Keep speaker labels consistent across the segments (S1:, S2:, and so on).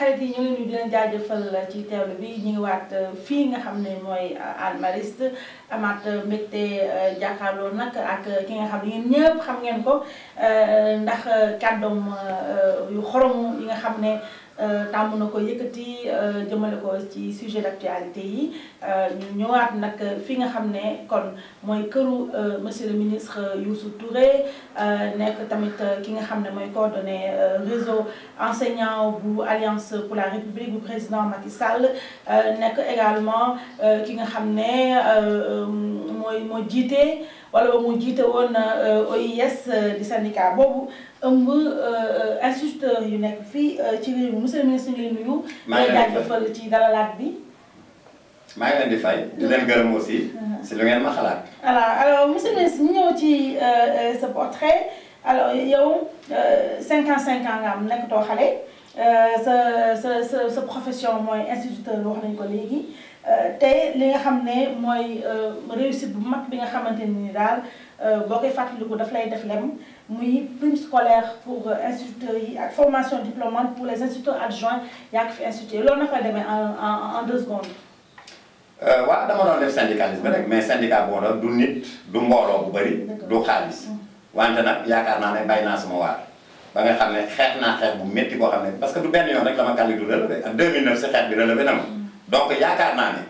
S1: xarit yi ñu ngi leen di leen jaajëfal ci teewlu bi ñu ngi waat euh, fii nga xam ne mooy euh, almariste amaat euh, mbégte jàkkaarloo nag ak ki nga xam ne yéen ñëpp xam ngeen ko ndax kàddoom yu xorom yi nga xam ne. Euh, tàmm na ko yëkkati euh, jëmale ko ci sujet d'actualité yi euh, ñu ñëwaat nag fi nga xam ne kon mooy këru monsieur le ministre Youssou Touré nekk tamit ki nga xam ne mooy coordonné réseau enseignant bu alliance pour la république bu président Macky Sall nekk également ki nga xam ne mooy moo jiite. wala ba mu jiite woon euh, OIS euh, di syndicat boobu ëmb euh, instituteur yu nekk fii ci réew mi monsieur le ministre ñu ngi lay nuyu. maa ci dalalaat bi.
S2: maa ngi leen di fay di leen gërëm aussi. Uh-huh. si lu ngeen ma xalaat.
S1: voilà alors monsieur le ñëw ci sa portrait alors yow 55 ans nga am nekk xale sa sa sa profession mooy instituteur wax nañu ko léegi. te li nga xam ne mooy euh, réussite bu mag bi nga xamante ni daal euh, boo koy fàttaliku daf lay def lem muy prime scolaire pour euh, instituteurs yi ak formation diplômante pour les instituteurs adjoints yaa ngi fi institut loolu naka demee en en deux secondes.
S2: waaw dama doon def bi rek mais syndicat boo doon du nit du mbooloo bu bëri. du xaalis. Mm. wante nag yaakaar naa ne bàyyi naa sama waar. ba nga xam ne xeex naa xeex bu métti boo xam ne parce que du benn yoon rek la na ma. Mm. donc yaakaar naa ne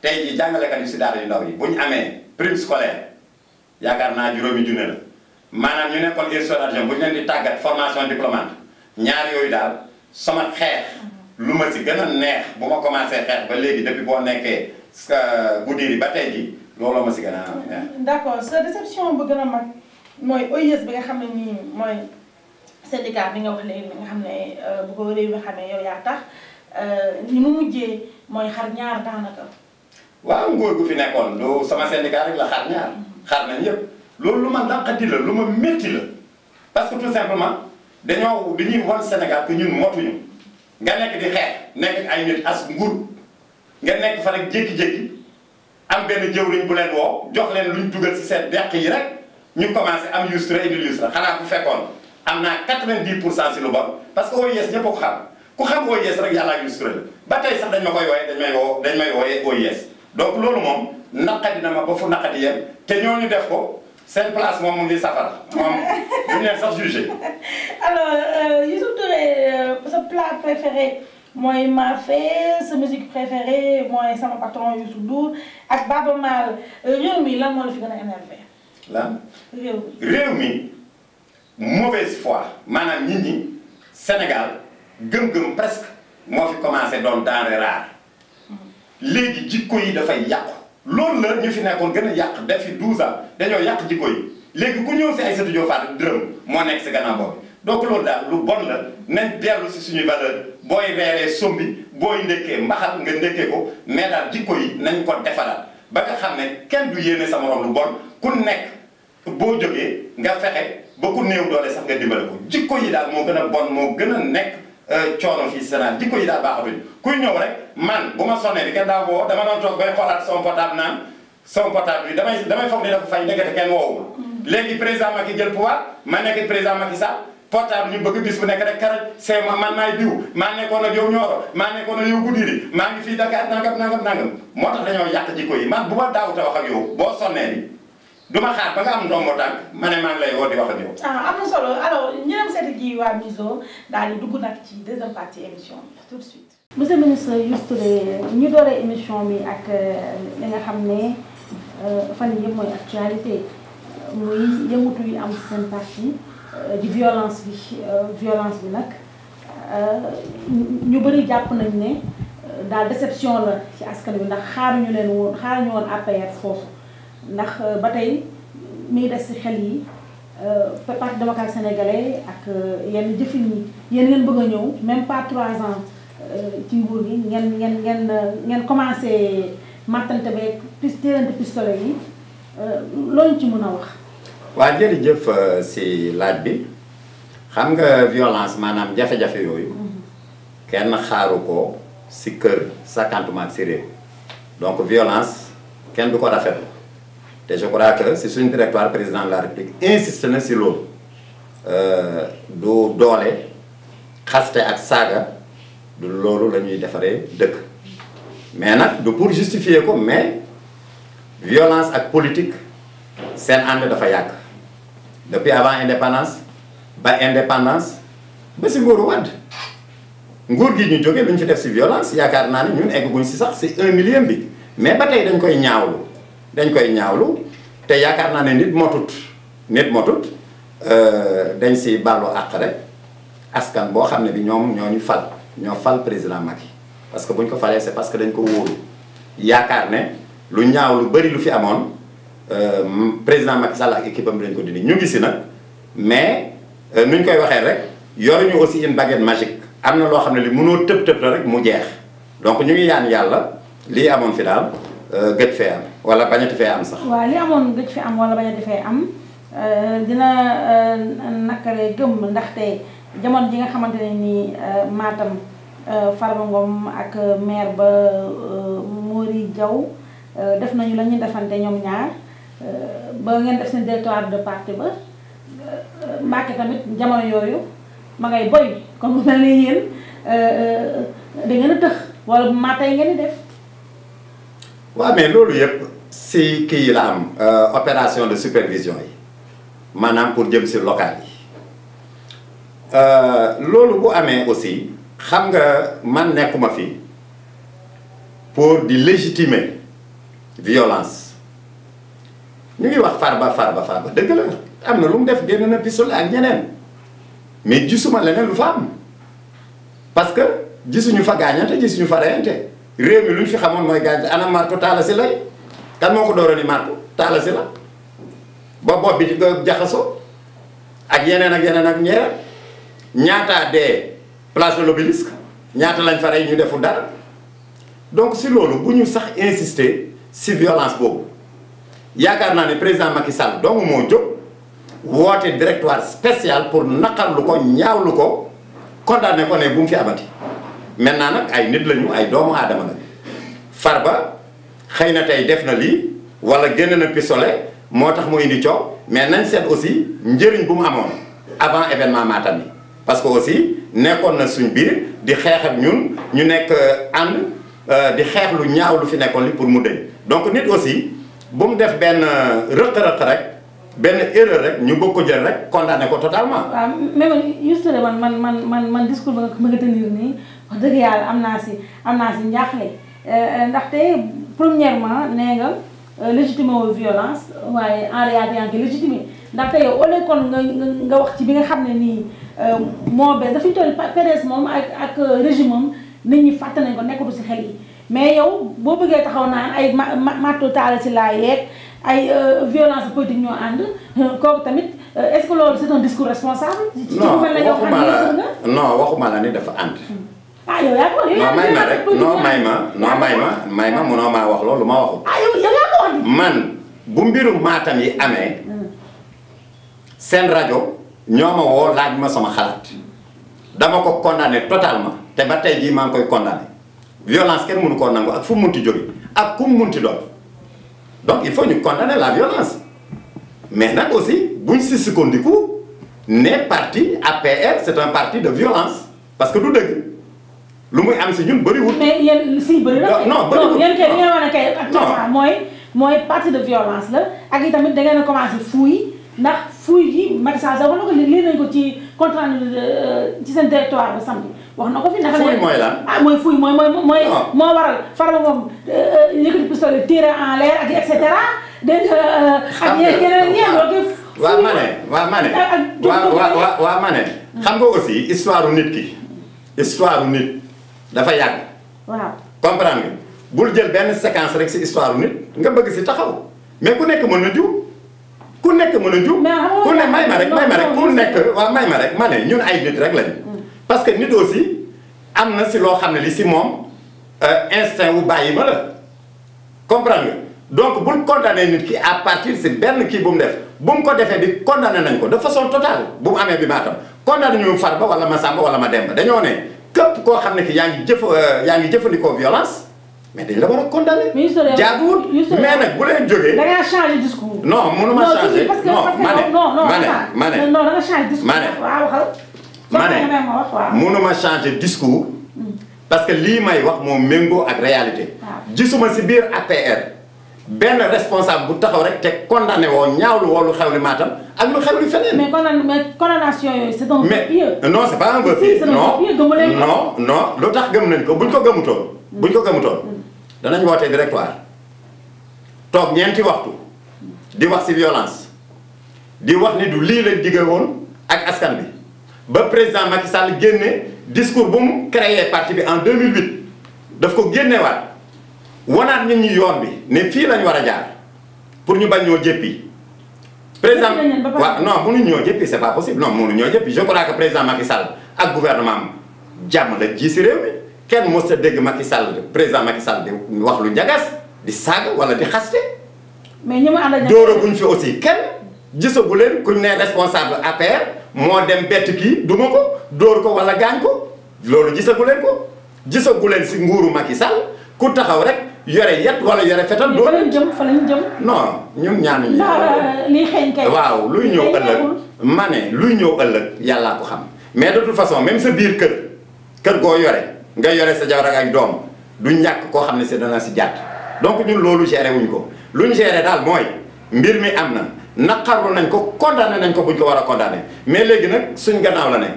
S2: tey jii jàngalekat yu si daara yu ndaw yi bu ñu amee prime scolaire yaakaar naa juróomi junne la maanaam ñu nekkoon installation bu ñu leen di tàggat formation diplômante ñaar yooyu daal sama xeex lu ma si gën a neex bu ma commencé xeex ba léegi depuis boo nekkee euh, Goudiry ba tey jii looloo ma si gën
S1: a gën a mag mooy OIS bi nga xam ne nii mooy syndicat bi nga wax léegi nga xam ne euh, bu ko réew mi xamee yow yaa tax. ni euh, mu mujjee mooy xar ñaar daanaka.
S2: waaw ngóor gu fi nekkoon lu sama syndicat rek la xar ñaar. xar nañ yëpp loolu lu ma naqati la lu ma métti la parce que tout simplement dañoo dañuy wan Sénégal que ñun motuñu nga nekk di xeex nekk ay nit as nguur nga nekk fa rek jékki-jékki. am benn jëwriñ bu leen woo jox leen luñ dugal ci seen deq yi rek ñu commencé am lustre indi lustre xanaa bu fekkoon am naa 90 pour cent ci lu bon parce que OIS ñëpp a ku xam OIS e rek yàlla ak yusra la ba tey sax dañ ma koy wooyee dañ may woo dañ may wooyee OIS e donc loolu moom naqadi na ma ba fu naqadi yem te ñooñu def ko seen place moom mu ngi safara
S1: moom duñ
S2: leen sax jugé.
S1: alors euh, Youssou Touré euh, sa plat préféré mooy Mafé sa musique préférée mooy sama patron Youssou Ndour ak Baba Maal euh, réew mi lan moo la fi gën a énervé.
S2: lan réew mi réew mi mauvaise foi maanaam nit ñi Sénégal. gëm-gëm presque moo fi commencé doon denrée rare léegi jikko yi dafay yàqu loolu la ñu fi nekkoon gën a yàq def fi 12 dañoo yàq jikko yi léegi ku ñëw si ay studio Fatou dërëm moo nekk si gannaaw boobu donc loolu daal lu bon la nañ dellu si suñu valeur booy reeree sombi booy ndekkee mbaxal nga ndekkee ko mais daal jikko yi nañ ko defaraat ba nga xam ne kenn du yéene sa morom lu bon ku nekk boo jógee nga fexe ba ku néew doole sax nga dimbale ko jikko yi daal moo gën a bon moo gën a nekk. Euh, coono fii Sénégal jikko yi daa baaxatuñ kuy ñëw rek man bu ma sonnee bi kenn daa woo dama doon toog bay xoolaat sama portable naan sama portable bi damay damay foog ni dafa fay ndekete kenn woowul léegi président Macky jël pouvoir ma nekk président Macky Sall portable ñu bëgg bis bu nekk rek karaj c'est man maay diw maa nekkoon ak yow Nioro maa nekkoon ak yow Goudiri maa ngi fii Dakar nangam nangam nangam moo tax dañoo yàq jikko yi man bu ma daawut a wax ak yow boo sonnee du ma xaar ba nga am ndombo tànk ma ne lay woo di wax ak yow.
S1: Ah, am na solo alors ñu daal di dugg nag ci émission bi tout ñu dooree émission bi ak euh, li xam ne euh, fan yii yëpp mooy actualité muy yëngutu yu am seen parti euh, di violence bi violence bi nag ñu bëri jàpp nañ ne daal déception la ci askan wi ndax xaaruñu leen woon xaaruñu woon APR foofu. ndax euh, ba tey mi ngi des ci xel yi euh, parti démocrate sénégalais ak euh, yenn jëfin yi yéen ngeen bëgg a ñëw même pas trois ans ci nguur gi ngeen ngeen ngeen ngeen commencé màttante beeg plus téerante pistolet yi loolu ci mën a wax
S2: waa jëf si laaj bi xam nga violence maanaam jafe-jafe yooyu mhm. kenn xaaru ko si kër sa kantumaak si réew donc violence kenn du ko rafet te je crois que si suñu directoire président de la république insiste na si loolu uh, du doole xaste ak saaga du loolu la ñuy defaree dëkk mais nag du pour justifier ko mais violence ak politique seen ànd dafa yàgg depuis avant indépendance ba indépendance ba si nguuru Wade nguur gi ñu jógee lu ñu fi def si violence yaakaar naa ne ñun egguñ si sax si un million bi mais ba tey dañ koy ñaawlu dañ koy ñaawlu te yaakaar naa ne nit motut nit motut euh, dañ si bàllu àq rek askan boo xam ne bi ñoom ñooñu ñu fal ñoo fal président Macky parce que bu ñu ko falee c'est parce que dañ ko wóolu yaakaar ne lu ñaaw lu bëri lu fi amoon euh, président Macky Sall ak équipe am dañ ko dindi ñu ngi si nag mais euh, nu ñu koy waxee rek yoruñu aussi une bagget magique am na loo xam ne li mënoo tëb tëb la rek mu jeex donc ñu ngi yaan yàlla lii amoon fi daal Euh, gëj fee am wala bañati fee am sax.
S1: waaw li amoon gëj fi am wala bañati fee am euh, dina euh, nakare gëm ndaxte jamono ji nga xamante ne nii Matam Farba Ngom ak maire ba Mori Diaw def nañu la ñuy defante ñoom ñaar ba ngeen def seen directoire de parti ba Mbàkke tamit jamono yooyu ma ngay boy comme mel ni yéen da a tëx wala maa ngeen def.
S2: waaw amee loolu yëpp si kii yi la am euh, opération de supervision yi maanaam pour jëm si local yi euh, loolu bu amee aussi xam nga man nekkuma fi pour di légitimer violence ñu ngi wax farba farba farba dëgg la am na lu mu def génn na pistolet ak ñeneen mais gisuma leneen lu fa am parce que gisuñu fa gaañante gisuñu fa reyante réew mi lu ñu fi xamoon mooy gaañ ana marto taala si lay kan moo ko dooroon ni marto taala si la ba bopp bi nga jaxasoo ak yeneen ak yeneen ak ñeer ñaataa dee place de l'obélisque ñaata lañ fa rey ñu defu dara donc si loolu bu ñu sax insister si violence boobu yaakaar naa ne président Macky Sall donc moo jóg woote directoire spécial pour naqarlu ko ñaawlu ko condamné ko ne bu mu fi abati maintenant nag ay nit lañu ay doomu aadama la ba xëy na tey def na lii wala génn na pistolet moo tax mu indi coow mais nañ seet aussi njëriñ bu mu amoon avant événement Matam yi parce que aussi nekkoon na suñ biir di xeex ñun ñu nekk euh, ànd euh, di xeex lu ñaaw lu fi nekkoon li pour mu dëñ donc nit aussi bu mu def benn euh, rëq-rëq rek benn erreur rek ñu bëgg ko jël rek condamné ko totalement.
S1: waaw mais man man discours ba nga tenir nii. wax dëgg yàlla am naa si am naa si njaaxle ndaxte premièrement nee nga légitimer wu violence waaye en réalité yaa ngi légitimer ndaxte yow au lieu kon nga nga wax ci bi nga xam ne nii moo bees dafay toll PDS moom ak ak régime am nit ñi fàtte nañ ko nekkatu si xel yi mais yow boo bëggee taxaw naan ay ma ma matto taal si laa yeeg ay violence politique ñoo ànd kooku tamit est-ce que loolu c'est un discours responsable. ci ci mel ne
S2: waxuma la ni dafa ànd.
S1: ah may ma rek non may
S2: ma non may ma may ma munoo maa wax loolu ma waxul. Ah, man bu mbirum Matam yi amee hmm. seen rajo ñoo ma woo laaj ma sama xalaat dama ko condamné totalement te ba tey jii maa ngi koy condamné violence kenn mënu koo nangu ak fu mu munti jóge ak ku mu munti donc il faut ñu condamner la violence mais nag aussi buñ si sukkandiku ne parti APR c'est un parti de violence parce que du dëgg. lu muy am si ñun bëriwul.
S1: mais yéen si bëri na. non bëriwul non yéen kay li ngeen wax ne kay actuellement mooy mooy partie de violence la ak itamit da ngeen a commencé fuuy ndax fuuy yi Macky Sall sax wax na ko lii nañ ko ci contrat euh, ci seen territoire ba samedi wax na ko fi. naka fuuy mooy lan ah mooy fuuy mooy mooy mooy. moo waral farba moom euh, euh, yëkkati pistolet tiré en l'air ak et cetera. dégg nga ak yeneen ñeent loolu
S2: waaw ma ne waaw ma ne waaw waaw waaw ma ne xam nga aussi histoire nit ki histoire nit. dafa yàgg. waaw comprendre nga bul jël benn sequence rek si histoire nit nga bëgg si taxaw mais ku nekk mën na juum ku nekk mën a juum. ku ne may ma rek may ma rek ku nekk waaw may ma rek ma ne ñun ay nit rek lañu. Mm. parce que nit aussi am na si loo xam ne li si moom euh, instinct wu bàyyi ma la comprendre nga donc bul condamné nit ki à partir si benn kii bu mu def bu mu ko defee di condamné nañ ko de façon totale bu mu amee bi maatam condamné ñu Farba wala Masamba wala Mademba dañoo ne. képp koo xam ne que yaa ngi jëf euh, yaa ngi jëfandikoo violence mais dañ la war a
S1: condamné. jaaduwul mais
S2: nag bu leen jógee. da ma
S1: changé discours. non mënuma ma ne
S2: ma ne mënuma changé discours. Hmm. parce que lii may wax moo méngoo ak réalité. Ah. gisuma si biir APR. benn responsable bu taxaw rek te condamné woon ñaawlu woo lu xew li Matam ak
S1: lu xew li feneen. mais condam mais condamnation yooyu c'est un vœu pieux.
S2: non c'est pas un vœu pieux non non non lu tax gëm nañ ko buñ ko gëmutoon. buñ ko gëmutoon danañ woote directoire toog ñeenti waxtu di wax ci violence di wax ni du lii lañ digge woon ak askan bi ba président Macky Sall génne discours bu mu créer parti bi en 2008 daf ko génnewaat. wanaat nit ñu yoon bi ne fii lañ war a jaar pour ñu bañ ñoo jéppi président waaw non mënuñ ñoo jéppi c'est pas possible non mënuñ ñoo jéppi je crois que président Macky Sall ak guvernement am jàmm la ji si réew mi kenn mos a dégg Macky Sall président Macky Sall di wax lu njagas di saaga wala di xaste
S1: mais ñi ma dóoraguñ
S2: fi aussi kenn gisagu leen kuñ ne responsable APR moo dem bett kii duma ko dóor ko wala gaañ ko loolu gisagu leen ko gisagu leen si nguuru Macky Sall ku taxaw rek. yore yet wala yore fetal. doo fa fa lañ jëm. non ñun ñaanu ñu.
S1: liy xeeñ waaw luy ñëw ëllëg.
S2: ma ne luy ñëw ëllëg yàllaa ko xam mais de toute façon même sa biir kër kër goo yore nga yore sa jabar ak doom du ñàkk koo xam ne si dana si jàtt donc ñun loolu géré wuñ ko luñ géré daal mooy mbir mi am na naqarlu nañ ko condamné nañ ko buñ ko war a condamné mais léegi nag suñ gannaaw la ne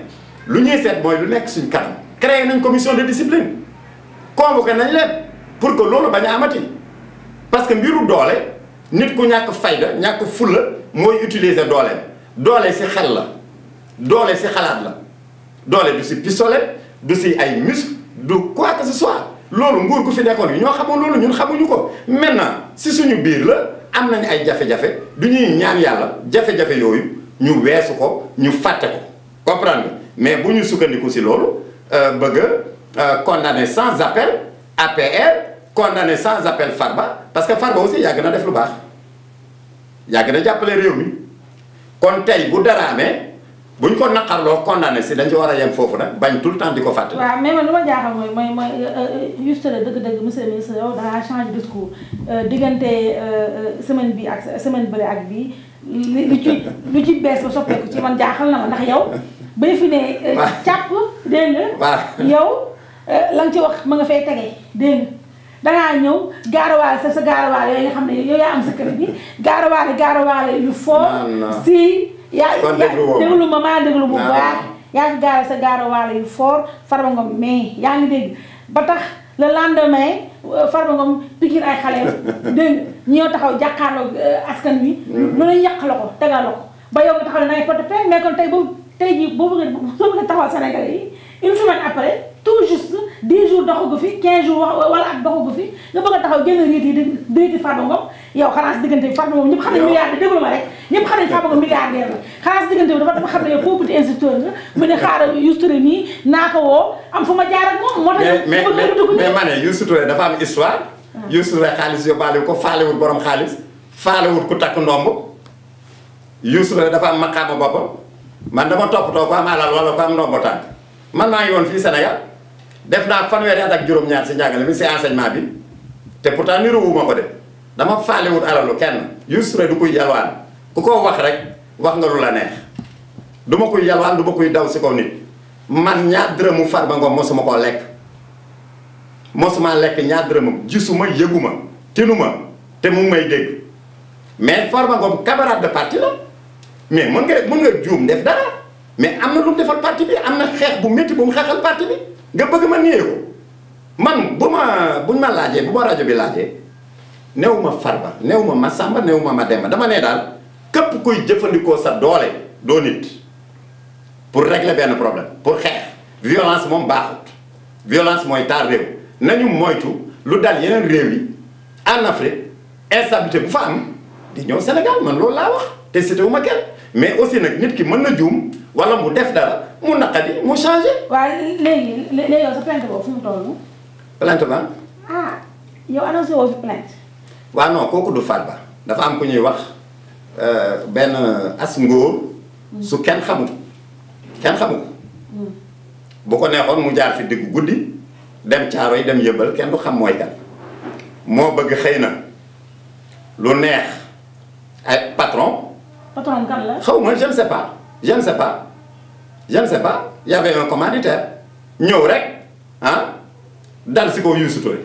S2: lu ñuy seet mooy lu nekk suñ kanam créé nañ commission de discipline convoqué nañ leen. pour que loolu bañ a amati parce que mbiru doole nit ku ñàkk fayda ñàkk fulla mooy utiliser dooleem doole ci xel la doole ci xalaat la doole du si pistolet du ci ay muscle du quoi que ce loolu nguur gu fi nekkoon yi ñoo xamoon loolu ñun xamuñu ko maintenant si suñu biir la am nañ ay jafe-jafe du ñuy ñaan yàlla jafe-jafe yooyu ñu weesu ko ñu fàtte ko comprendre mais bu ñu sukkandiku si loolu euh, bëgg a euh, condamner sans appel APR condamné sans appel Farba parce que Farba aussi yàgg na def lu baax yàgg na jàppale réew mi kon tey bu dara amee bu ñu ko naqarloo condamné si dañ ci war a yem foofu nag bañ tout temps di ko fàttali. waaw
S1: mais man lu ma jaaxal mooy mooy mooy euh, euh, juste la dëgg-dëgg monsieur le ministre yow dangaa changé discours euh, diggante semaine bi ak semaine bële ak bi lu ci lu ci bees ba soppeeku ci man jaaxal na ma ndax yow. bay fi ne. càpp dégg nga. yow. Eh, la ci wax ma nga fay tege dégg nga dangaa ñëw gaarawaale sa sa gaarawaale yooyu nga xam ne yow yaa am sa kër bi gaarawaale gaarawaale yu foo si yaa déglu ma maa déglu bu baax yaa ngi sa gaarawaale yu foor Farba Ngom yaa ngi dégg ba tax le lendemain euh, Farba Ngom ay xale dégg ñu ñëw taxaw jàkkaarloo euh, askan bi lu lañ yàq la ko tegal la ko ba yow nga taxaw ne nangay porte plainte mais kon tey boobu jii boo bëggee soo bëggee taxaw Sénégalais yi une semaine tout juste 10 jours doxagu fi 15 jours wax wala ak doxagu fi nga bëgg a taxaw génn réet yi di réeti Farba Ngom yow xanaa si diggante bi Farba moom ñëpp xam nañ milliardaire ma rek ñëpp xam bi dafa dafa xam ne yow nii naa ko woo am fu ma jaar ak moom moo
S2: tax mais mais ma ne Youssou Touré dafa am histoire ah. Youssou Touré xaalis ko faalewul borom xaalis faalewul ku takk ndomb Youssou Touré dafa am maqaama man dama toppatoo ko am alal wala ko man maa ngi woon fii Sénégal def naa fanweeri at ak juróom-ñaar si njàngale mi si enseignement bi te pourtant niruwuma ko de dama faalewut alalu kenn Youssoupha du koy yalwaan ku ko wax rek wax nga lu la neex du ma koy yalwaan du koy daw si kaw nit man ñaar dërëmu Farba Ngom mosuma koo lekk mosuma lekk ñaar dërëmam gisuma yëguma tinuma te mu ngi may dégg mais Farba Ngom camarade de parti la mais mën nga mën nga juum def dara mais am na lu mu defal parti bi am na xeex bu métti bu mu xeexal parti nga bëgg ma niee ko man bu ma buñ ma laajee bu ma rajo bi laajee néew ma Farba néew ma Masamba néew ma Mademba dama nee daal képp koy jëfandikoo sa doole doo nit pour régler benn problème pour xeex violence moom baaxut violence mooy taal réew nañu moytu lu dal yeneen réew yi en Afrique instabilité bu fa am di ñëw Sénégal man loolu laa wax te cité wu ma kenn mais aussi nag nit ki mën na juum wala mu def dara mu naqadi mu
S1: changé. waaw léegi léegi yow sa plainte boobu fu mu toll. plainte ba. ah yow annoncé woo fi plainte.
S2: waaw non kooku du faat ba dafa am ku ñuy wax euh, benn as ngóor su kenn xamul kenn xamul hmm. bu ko neexoon mu jaar fi diggu guddi dem caaro yi dem yëbal kenn du xam mooy kan moo bëgg xëy na lu neex ay patron.
S1: patron kan la
S2: xaw ma je ne sais pas je ne sais pas. je ne sais pas il y avait un commanditaire ñëw rek ah dal si kaw Youssou Touré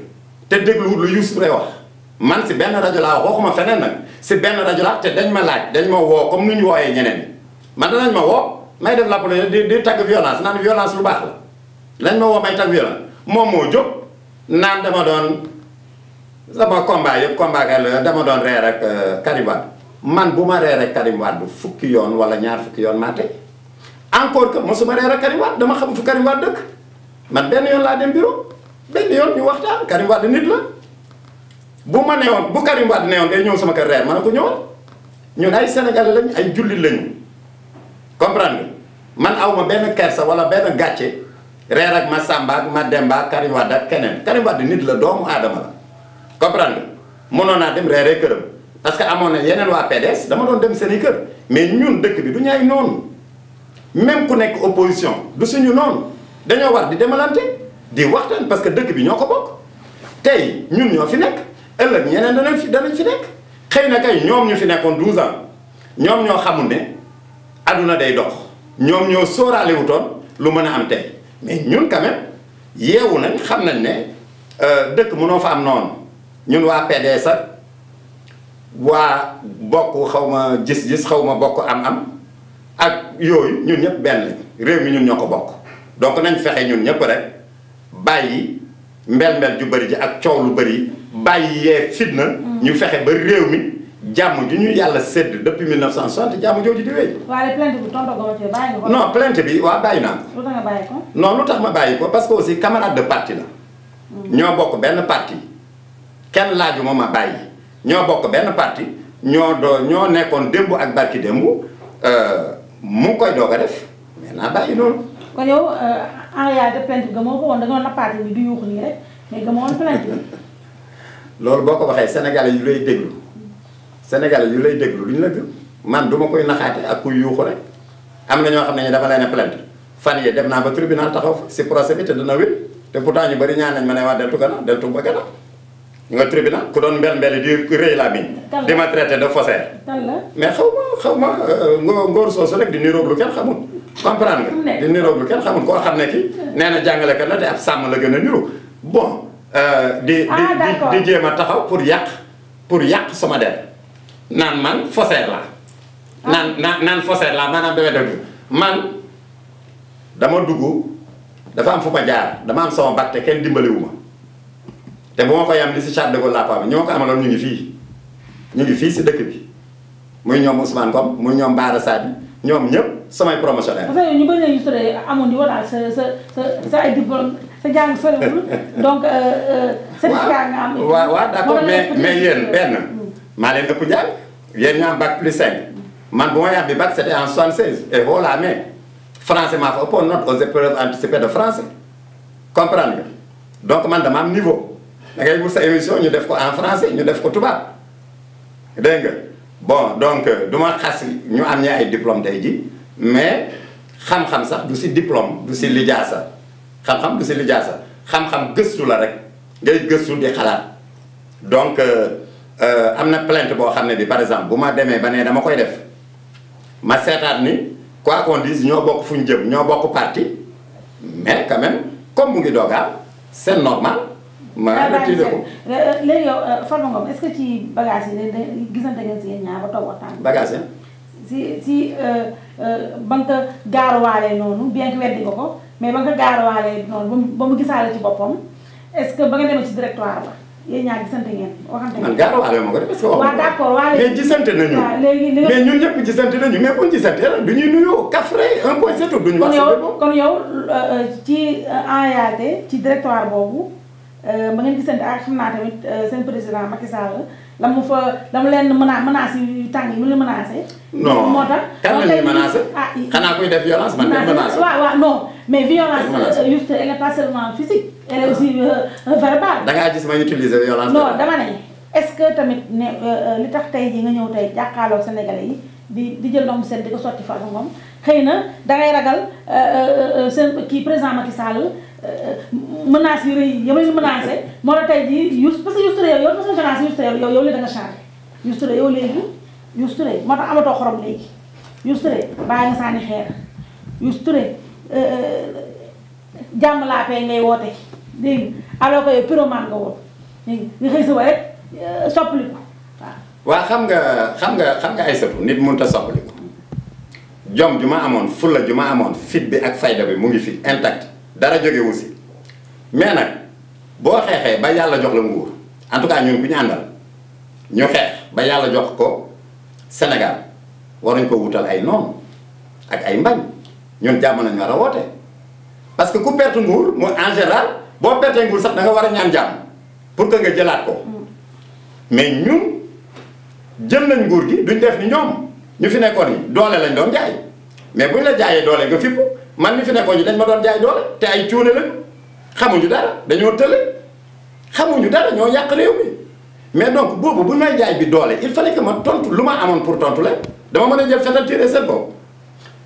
S2: te dégluwul lu Youssou Touré wax man si benn rajo laa waxuma feneen nag si benn rajo laa te dañ ma laaj dañ ma woo comme nu ñu wooyee ñeneen man danañ ma woo may def l'apologie di di tagg violence naan violence lu baax la dañ ma woo may tagg violence moom moo jóg naan dama doon sama combat yëpp combat kay la dama doon reer ak euh, Karim Wade man bu ma reer ak Karim Wade fukki yoon wala ñaar fukki yoon maa encore que mosuma reer ak Karim Wade dama xam fu Karim Wade dëkk man benn yoon laa dem bureau benn yoon ñu waxtaan Karim Wade nit la bu ma nee woon bu Karim Wade nee woon day ñëw sama kër reer ma ne ko ñëwal ñun ay sénégalais lañ ay jullit lañu comprendre man aw ma benn kersa wala benn gàcce reer ak ma Samba ak ma Demba ak Karim Wade ak keneen Karim Wade nit la doomu aadama la comprendre mënoon naa dem reeree këram parce que amoon na yeneen waa PDS dama doon dem seen i kër mais ñun dëkk bi du ñaay noonu. même ku nekk opposition du suñu noonu dañoo war di demalante di waxtaan parce que dëkk bi ñoo ko bokk tey ñun ñoo fi nekk ëllëg ñeneen danañ fi danañ fi nekk xëy na kay ñoom ñu fi nekkoon 12 ans ñoom ñoo xamul ne àdduna day dox ñoom ñoo sóoraale wutoon lu mën a am tey mais ñun quand yeewu nañ xam nañ ne euh, dëkk mënoo fa am noonu ñun waa PDS ak waa bokk xaw ma gis-gis xaw ma bokk am-am. ak yooyu ñun ñëpp benn réew mi ñun ñoo ko bokk donc nañ fexe ñun ñëpp rek bàyyi mbel-mbel ju bëri ji ak coow lu bëri yi bàyyi yee fitna. Mm. ñu fexe ba réew mi jàmm ju ñu yàlla sédd depuis 1960 jàmm jooju di wéy.
S1: waaye plainte bi tontu ko bàyyi nga
S2: ko. non bi waaw bàyyi naa ko. lu lu tax ma bàyyi ko parce que aussi camarade de parti la. Mm. ñoo bokk benn parti kenn laaju ma ma bàyyi ñoo bokk benn parti ñoo doo ñoo nekkoon démb ak barki démb. Euh, mu ngi koy doog a def mais naa bàyyi noonu.
S1: kon yow en euh, réalité plainte bi gëmoo ko woon da nga doon nappaate ni du yuuxu nii rek mais gëmoo woon plainte
S2: loolu boo ko waxee sénégalais yu lay déglu sénégalais yu lay déglu ñu la gëm man du koy naxaate ak kuy yuuxu rek am na ñoo xam ne ñu dafa leen a fan yii dem naa ba tribunal taxaw fa si procès bi te dana wér te pourtant ñu bëri ñaan nañ ma ne waa deltu gannaaw deltu ba gannaaw nga tribunal ku doon mbel mbel di rëy laa biñ. di ma traité de faussaire. mais xaw ma xaw ma euh, ngóor soosu rek di niroog lu kenn xamul. comprendre nga di niroog lu kenn xamul koo xam ne kii nee na jàngalekat la te ab sàmm la gën a niru bon. Euh, ah, di di di jéem a taxaw pour yàq pour yàq sama der naan man faussaire laa. Ah. naan naan naan faussaire laa maanaam damay man dama dugg dafa am fu ma jaar dama am sama batte kenn dimbaliwu te bu ma koy am li si de Gaulle laa ko ñu ngi fii ñu ngi fii si dëkk bi muy ñoom Ousmane Kom muy ñoom Baara Sadi ñoom ñëpp samay promotionnaire.
S1: parce que ñu bëri nañu sore amuñu sa sa sa sa ay euh, euh, nga am. waaw waaw d' accord mais mais benn
S2: maa leen ëpp jàng yéen ñu am bac plus 5 man bu ma yàgg bi bac c' était en 76 et voilà mais français maa fa ëppoon note aux épreuves anticipées de français comprendre nga donc man dama am niveau. da ngay wut sa émission ñu def ko en français ñu def ko tubaab dégg nga bon donc du ma xas ñu am ñi ay diplôme tey ji mais xam-xam sax du si diplôme du si lijaasa xam-xam du si lijaasa xam gëstu la rek ngay gëstu di xalaat donc euh, euh, am na plainte boo xam ne bi par exemple bu ma demee ba ne dama koy def ma seetaat ni quoi qu'on ñoo bokk fu ñu jëm ñoo bokk parti mais quand comme mu ngi doogaal c'est normal maa retiré ko
S1: léegi yow euh, Farba Ngom est-ce que ci bagage yi gisante ngeen si yéen ñaar ba toog waxtaan. bagage yi. si si euh, euh, ba nga ko gaaruwaalee noonu bien que weddi nga ko mais ba nga ko gaaruwaalee noonu ba mu gisaale ci boppam est-ce ba nga demee ci directoire ba yéen ñaar gisante ngeen. waxante ngeen man gaaruwaale ma ko def est-ce que waaw d'accord waaye mais gisante mais
S2: gisante nañu mais buñ gisante la du ñuy nuyoo kafre un point c'est tout duñu
S1: ci en ci directoire boobu. ba euh, ngeen gisante ak ah, xam naa tamit euh, seen président Macky Sall la mu fa dama leen mena menaces yu tàng yi mu leen menacé. non moo tax. kan la ñuy menacé ah,
S2: xanaa kuy def violence man de menacé.
S1: waaw waaw non mais violence. Euh, juste elle est pas seulement physique. elle est
S2: gis ma utiliser violence. non
S1: dama ne est que tamit ne li tax tey jii nga ñëw tey jàkkaarloog Sénégalais yi di di jël ndox mu sedd di ko sotti fa moom xëy na dangay ragal seen kii président Macky Sall. menaces yu rëy yi ma leen menacé moo tax tey jii yu parce que na Touré yow yow dafa sa Youssou Touré yow yow léegi da nga changé Youssou Touré yow léegi Youssou Touré moo tax amatoo xorom léegi Youssou Touré bàyyi nga sànni xeer Youssou Touré euh, euh, ngay woote dégg nga alors que yow pyromane nga woon dégg nga xëy sa ba rek euh, soppaliku
S2: waaw. waaw xam nga xam nga xam nga ay sëtu nit mënut a soppaliku jom ju ma amoon fulla ju ma amoon fit bi ak fayda bi mu ngi fi intact. dara jógewu si mais nag boo xeexee ba yàlla jox la nguur en tout cas ñun ku ñu àndal ñu xeex ba yàlla jox ko Sénégal waruñ ko wutal ay noonu ak ay mbañ ñun jàmm nañ war a woote parce que ku perte nguur mu en boo pertee nguur sax danga war a ñaan jàmm pour que nga jëlaat ko mm. mais ñun jël nañ nguur gi duñ def ni ñoom ñu fi nekkoon yi doole lañ doon jaay mais buñ la jaayee doole nga fippu man mi fi nekkoon ñu dañ ma doon jaay doole te ay cuune la xamuñu dara dañoo tële xamuñu dara ñoo yàq réew mi mais donc boobu bu may jaay bi doole il fallait que ma tontu lu ma amoon pour tontu leen dama mën a jël fetal tiré seen bopp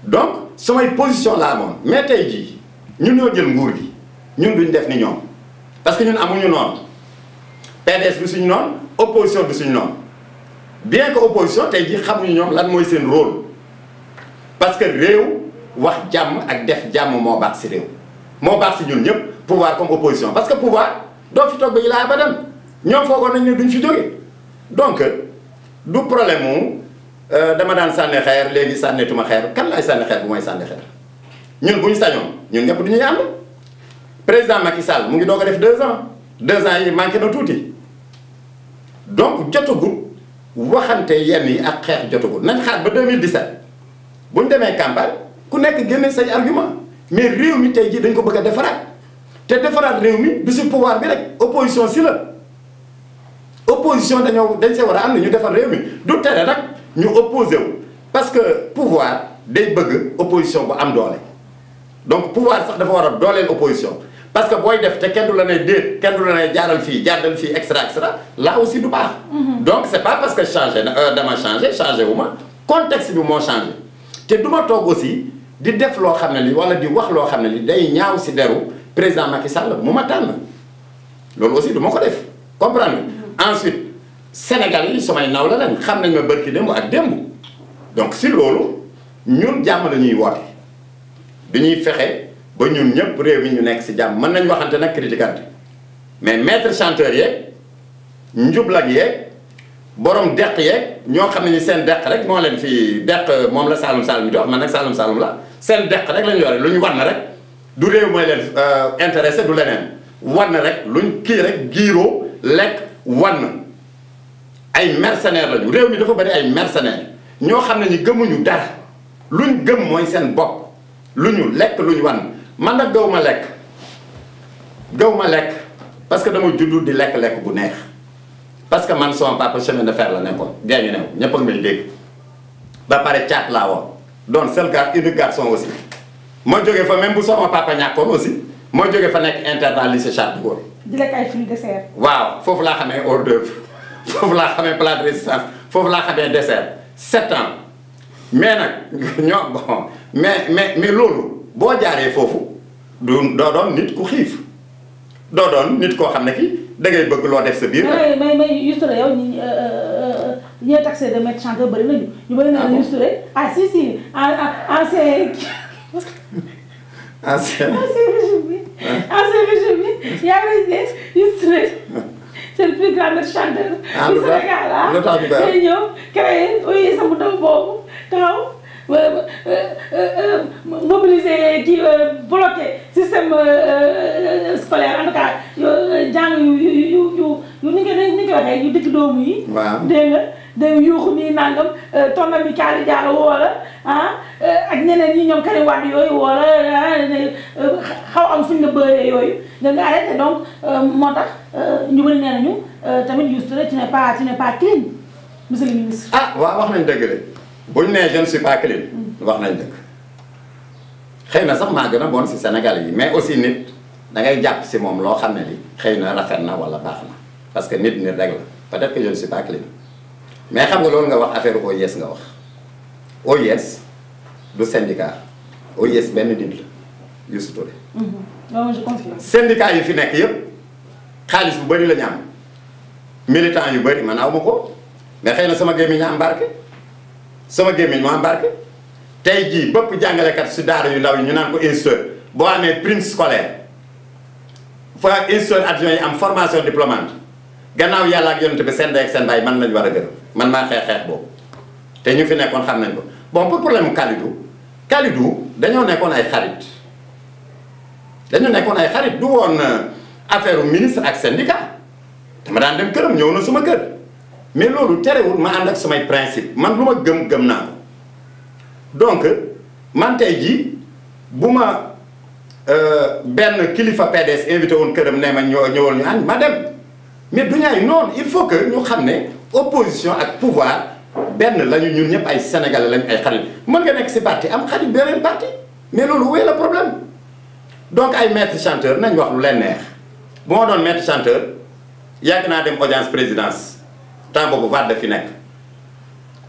S2: donc samay position laa amoon mais tey jii ñun ñoo jël nguur gi ñun duñ def ni ñoom parce que ñun amuñu noonu PDS bi suñu noonu opposition bi suñu noon bien que opposition tey jii xamuñu ñoom lan mooy seen rôle parce que réew wax jàmm ak def jàmm moo baax si réew moo baax si ñun ñëpp pouvoir comme opposition parce que pouvoir doo fi toog ba ilaa abadan ñoom foogoon nañ ne duñ fi jóge donc du problème mu euh, dama daan sànni xeer léegi sànnetuma xeer kan laay sànni xeer bu may sànni xeer ñun bu ñu sañoon ñun ñëpp du ñuy ànd président Macky Sall mu ngi doo ko def deux ans deux ans yi manqué na tuuti donc jotagut waxante yenn yi ak xeex jotagut nañ xaar ba 2017 bu ñu demee campagne. ku nekk génne say argument mais réew mi tey jii dañ ko bëgg a defaraat te defaraat réew mi du si pouvoir bi rek opposition si la opposition dañoo dañ see war a am na ñu defar réew mi du tere nag ñu opposé wu parce que pouvoir day bëgg opposition bu am doole donc pouvoir sax dafa war a dooleel opposition parce que booy def te kenn du la ne déet kenn du la ne jaaral fii jaaral fii extra extra là aussi du baax mm-hmm. donc c'est pas parce que changé na euh, dama changé changé wu ma contexte bi moo changé te du ma toog aussi di def loo xam ne li wala di wax loo xam ne li day ñaaw si deru président Macky Sall mu ma tàng loolu aussi du ma ko def comprendre ensuite Sénégal yi samay naw la leen xam nañ ma bërki démb ak démb donc si loolu ñun jàmm la ñuy woote ñuy fexe ba ñun ñëpp réew mi ñu nekk si jàmm mën nañ waxante nag critiquante mais maître chanteur yeeg njublag yeeg borom deq yeeg ñoo xam ne ni seen deq rek moo leen fii deq moom la Saalum Saalum di wax man nag Saalum Saalum la seen deq rek lañ yore lu ñu wan rek du réew mooy leen euh, intéressé du leneen wan rek luñ kii rek giiroo lekk wan ay mercenaires lañu réew mi dafa bari ay mercenaires ñoo xam ne ñu gëmuñu dara luñ gëm mooy seen bopp lu ñu lekk lu ñu wan man nag gaw ma lekk gëw ma lekk parce que dama juddu di lekk-lekk bu neex parce que man sama papa chemin de fer la nekkoon gaañu new ñëpp may dégg ba pare caat laa woon doon seul gar une aussi moo jógee fa même bu sama papa ñàkkoon aussi moo jógee fa nekk internat lycée Charles de Gaulle.
S1: di lekk ay fruits dessert.
S2: waaw foofu laa xamee hors d'œuvre foofu laa xamee plat de résistance foofu laa xamee dessert sept mais nag ñoo bon mais mais mais loolu boo jaaree foofu doo doon nit ku xiif doo doon nit koo xam ne kii. dangay bëgg loo def sa biir. mais
S1: mais mais Youssou Touré yow euh, euh, euh, de maître chanteur bëri nañu. ñu bëri nañu ah Youssou Touré ah si si ah, ah,
S2: ancien ancien régime
S1: bi ancien régime bi yaa ngi lay ne Youssou Touré c'est le plus grand maître chanteur. du Sénégal ah lu tax lu tax ñu koy wax day ñëw créé oye sa mu taw boobu taxaw. Euh, euh, euh, mobiliser kii bloquer système scolaire en tout cas jàng yu yu yu yu ni nga ni nga ko waxee yu dëkk doomu yi. waaw dégg nga day yuuxu nii nangam tonton bi Kaari Diallo ah, ak ñeneen yi ñoom Karim Wade yooyu woo ah, xaw am suñ la bëree yooyu da nga arrêté donc moo tax ñu bëri nee nañu tamit juste rek tu n'es pas tu n'es pas clean monsieur ministre. ah
S2: waaw wax nañ dëgg de. buñ nee je ne suis pas clean wax nañ dëkk xëy na sax maa gën a bon si Sénégal yi mais aussi nit da ngay jàpp si moom loo xam ne li xëy na rafet na wala baax na parce que nit nit rek la peut-être que je ne suis clean mais xam nga loolu nga wax affaire yees nga wax OIS du syndicat OIS benn nit la Youssou Touré.
S1: Mm-hmm. non je
S2: confirme. yi fi nekk yëpp xaalis bu bari la ñu am militant yu bëri man aw ma ko mais xëy na sama gémmiñ ñu embarqué. sama gémmiñ ma am barke tey jii bëpp jàngalekat si daara yu ndaw yi ñu naan ko instituteur boo amee prime scolaire ak instituteur adjoint yi am formation diplômante gannaaw yàlla ak yonent bi seen ndey ak seen baay man lañu war a gërëm man maa xeex xeex boobu te ñu fi nekkoon xam nañ ko bon pour problème Kalidou Kalidou dañoo nekkoon ay xarit dañu nekkoon ay xarit du woon euh, affaire ministre ak syndicat dama daan dem këram ñëw na suma kër mais loolu terewul ma ànd ak samay principe man lu ma gëm gëm naa ko donc man tey jii bu ma euh, benn kilifa PDS invité woon këram ne ma ñoo ñëwal ñu ànd ma dem mais du ñaay noon il faut que ñu xam ne opposition ak pouvoir benn lañu ñun ñëpp ay sénégalais lañ ay xarit mën nga nekk si parti am xarit beneen parti mais loolu wéy la problème donc ay maître chanteur nañ wax lu leen neex bu ma doon maître chanteur yàgg naa dem audience présidence. bu ba Wade fi nekk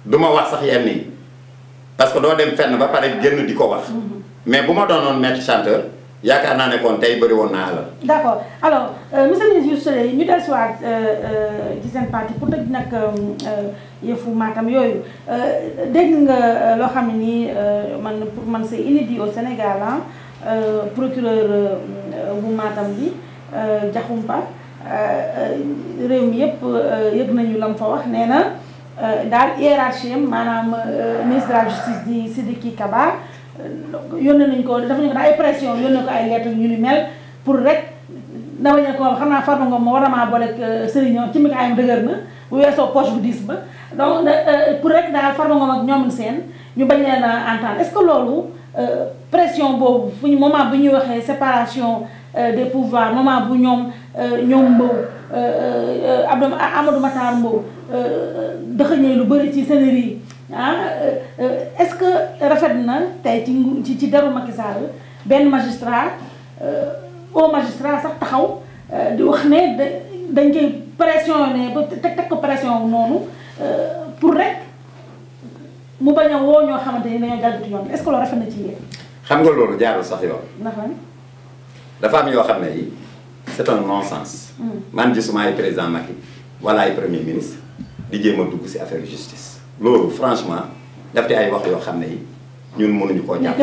S2: du wax sax yenn parce que doo dem fenn ba pare génn di ko wax mm-hmm. mais bu ma doonoon maître chanteur yaakaar naa ne kon tey bëri woon naa alal.
S1: d' accord alors euh, monsieur le ministre euh, ñu dellusiwaat euh, ci seen parti pour tëj nag yëfu Matam yooyu dégg nga loo xam ni nii man pour man si inédit au Sénégal ah procureur bu Matam bi Diakhoumpa. Euh, euh, réew mi yëpp euh, yëg nañu lam fa wax nee na daal hiérarchie am maanaam ministre de la justice di Sidiki Kaba yónnee nañu ko dafa ñu ko daal ay pression yónnee ko ay lettre ñu ni mel pour rek dama ñu ko xam naa Farba Ngom moo war a maa booleeg sëriñam ci mi ko ayam dëgër na bu weesoo poche bu diis ba donc pour rek daal Farba Ngom ak ñoom seen ñu bañ leen a entendre est-ce loolu pression boobu fu ñu moment bi ñuy waxee séparation des pouvoirs moment bu ñoo Euh, ñoom Mbow euh, euh, Abdou ah, Amadou Matar Mbow dëxëñee lu bëri ci scénario yi ah est-ce que rafet na tey ci ngu ci ci deru Macky Sall benn magistrat au magistrat sax taxaw di wax ne dañ koy pressionné ba teg teg ko pression noonu pour rek mu bañ a woo ñoo xamante ne dañoo jàll ci yoon est loolu rafet na ci yéen.
S2: xam nga loolu jaarul sax
S1: yoon.
S2: dafa am yoo xam ne yi. c'est un non sens. man gisuma ay président Macky wala ay premier ministre di jéem a dugg ci affaire justice. loolu franchement def di ay wax yoo xam ne yi ñun mënuñu koo jàpp.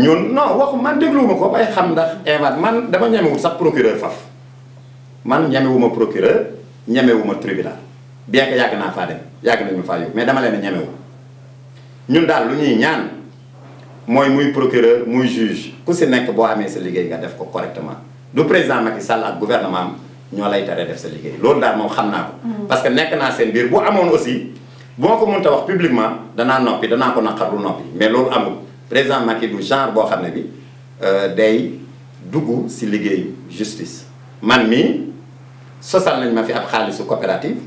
S2: ñun non waxu man dégluwuma ko bay xam ndax invade man dama ñemewul sax procureur faf man ñemewuma procureur ñemewuma tribunal bi que yàgg naa faa dem yàgg nañu faa yóbbu mais dama leen ñemewu ñun daal lu ñuy ñaan mooy muy procureur muy juge ku ci nekk boo amee sa liggéey nga def ko correctement. du président Macky Sall ak gouvernement am ñoo lay tere def sa liggéey loolu daal moom xam naa ko. Mm. parce que nekk naa seen biir bu amoon aussi boo ko mënta wax publiquement danaa noppi danaa ko naqarlu noppi mais loolu amul président Macky du genre boo xam ne bi euh, day dugg si liggéey justice. man mii sosal nañ ma fi ab xaalisu coopérative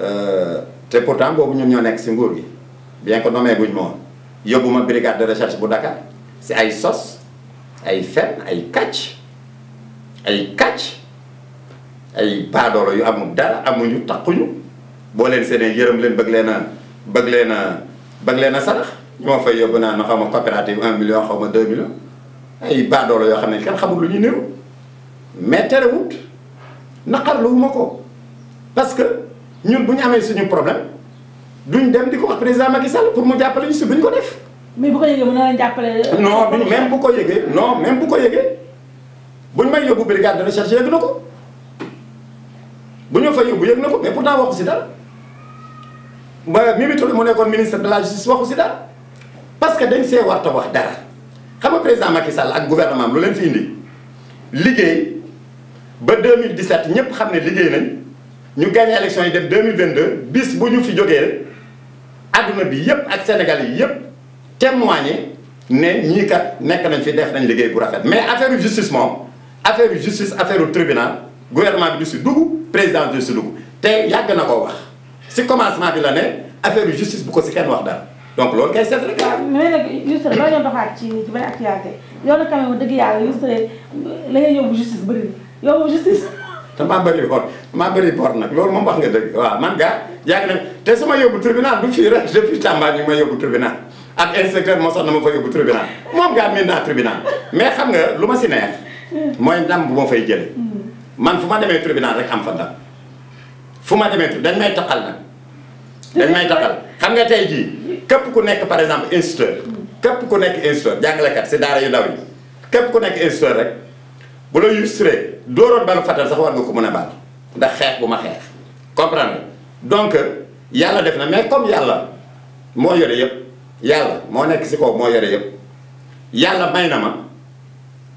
S2: euh, te pourtant boobu ñun ñoo nekk si nguur gi bien ko nommé guñ ma woon yóbbu ma brigade de recherche bu Dakar si ay sos. ay fen ay kàcc ay kàcc ay baadoolo yu amul dara amuñu takkuñu boo leen seenee yërëm leen bëgg leen a bëgg leen a bëgg leen a sarax ñu ma fay yóbbu naan ma xaw ma coopérative un million xaw ma deux millions ay baadoolo yoo xam ne kenn xamul lu ñu niru mais terewut naqar lu ma ko parce que ñun bu ñu amee suñu problème duñ dem di ko wax président Macky Sall pour mu jàppale ñu si bu ñu ko def
S1: mais bu ko yëgee mën na leen jàppale. non même
S2: bu ko yëgee non même bu ko yëgee buñ may yóbbu brigade de recherche yëg na ko bu ñu fa yóbbu yëg na ko mais pourtant waxu si dara ba Mimi Touré mu nekkoon ministre de la justice waxu si dara parce que dañ see warta wax dara xam nga président Macky Sall ak gouvernement am lu leen fi indi liggéey ba 2017 ñëpp xam ne liggéey nañ ñu gagné élection yi dem 2022 bis bu ñu fi jógee àdduna bi yëpp ak Sénégal yi yëpp. témoigner ne ñii kat nekk nañ fi def nañ liggéey bu rafet mais affaire justice moom affaire justice affaire tribunal gouvernement bi du si dugg président du si dugg te yàgg na koo wax si commencement bi la ne affaire justice bu ko si kenn wax daal donc loolu kay seet rek. waaw
S1: mais nag Youssou loo doon doxaat ci ci benn actualité dëgg yàlla Youssou la ngay yóbbu justice bëri na yóbbu justice.
S2: damaa bëri bor damaa bëri bor nag moom wax nga dëgg waaw man gaa yàgg na te sama yóbbu tribunal du fii rek ak inspecteur moo sax na ma fa yóbbu tribunal moom gaa miin naa tribunal mais xam nga lu ma si neex mooy ndam bu ma fay jële man fu ma demee tribunal rek am fa ndam fu ma demee dañ may taxal nag dañ xam nga tey jii képp ku nekk par exemple instituteur képp ku nekk instituteur jàngalekat si daara yu ndaw yi képp ku nekk instituteur rek bu la illustré dooroon balu fatal sax war nga ko mën a baal ndax xeex bu ma xeex comprendre donc yàlla def na mais comme yàlla moo yore yëpp yàlla moo nekk si kaw moo yore yëpp yàlla may na ma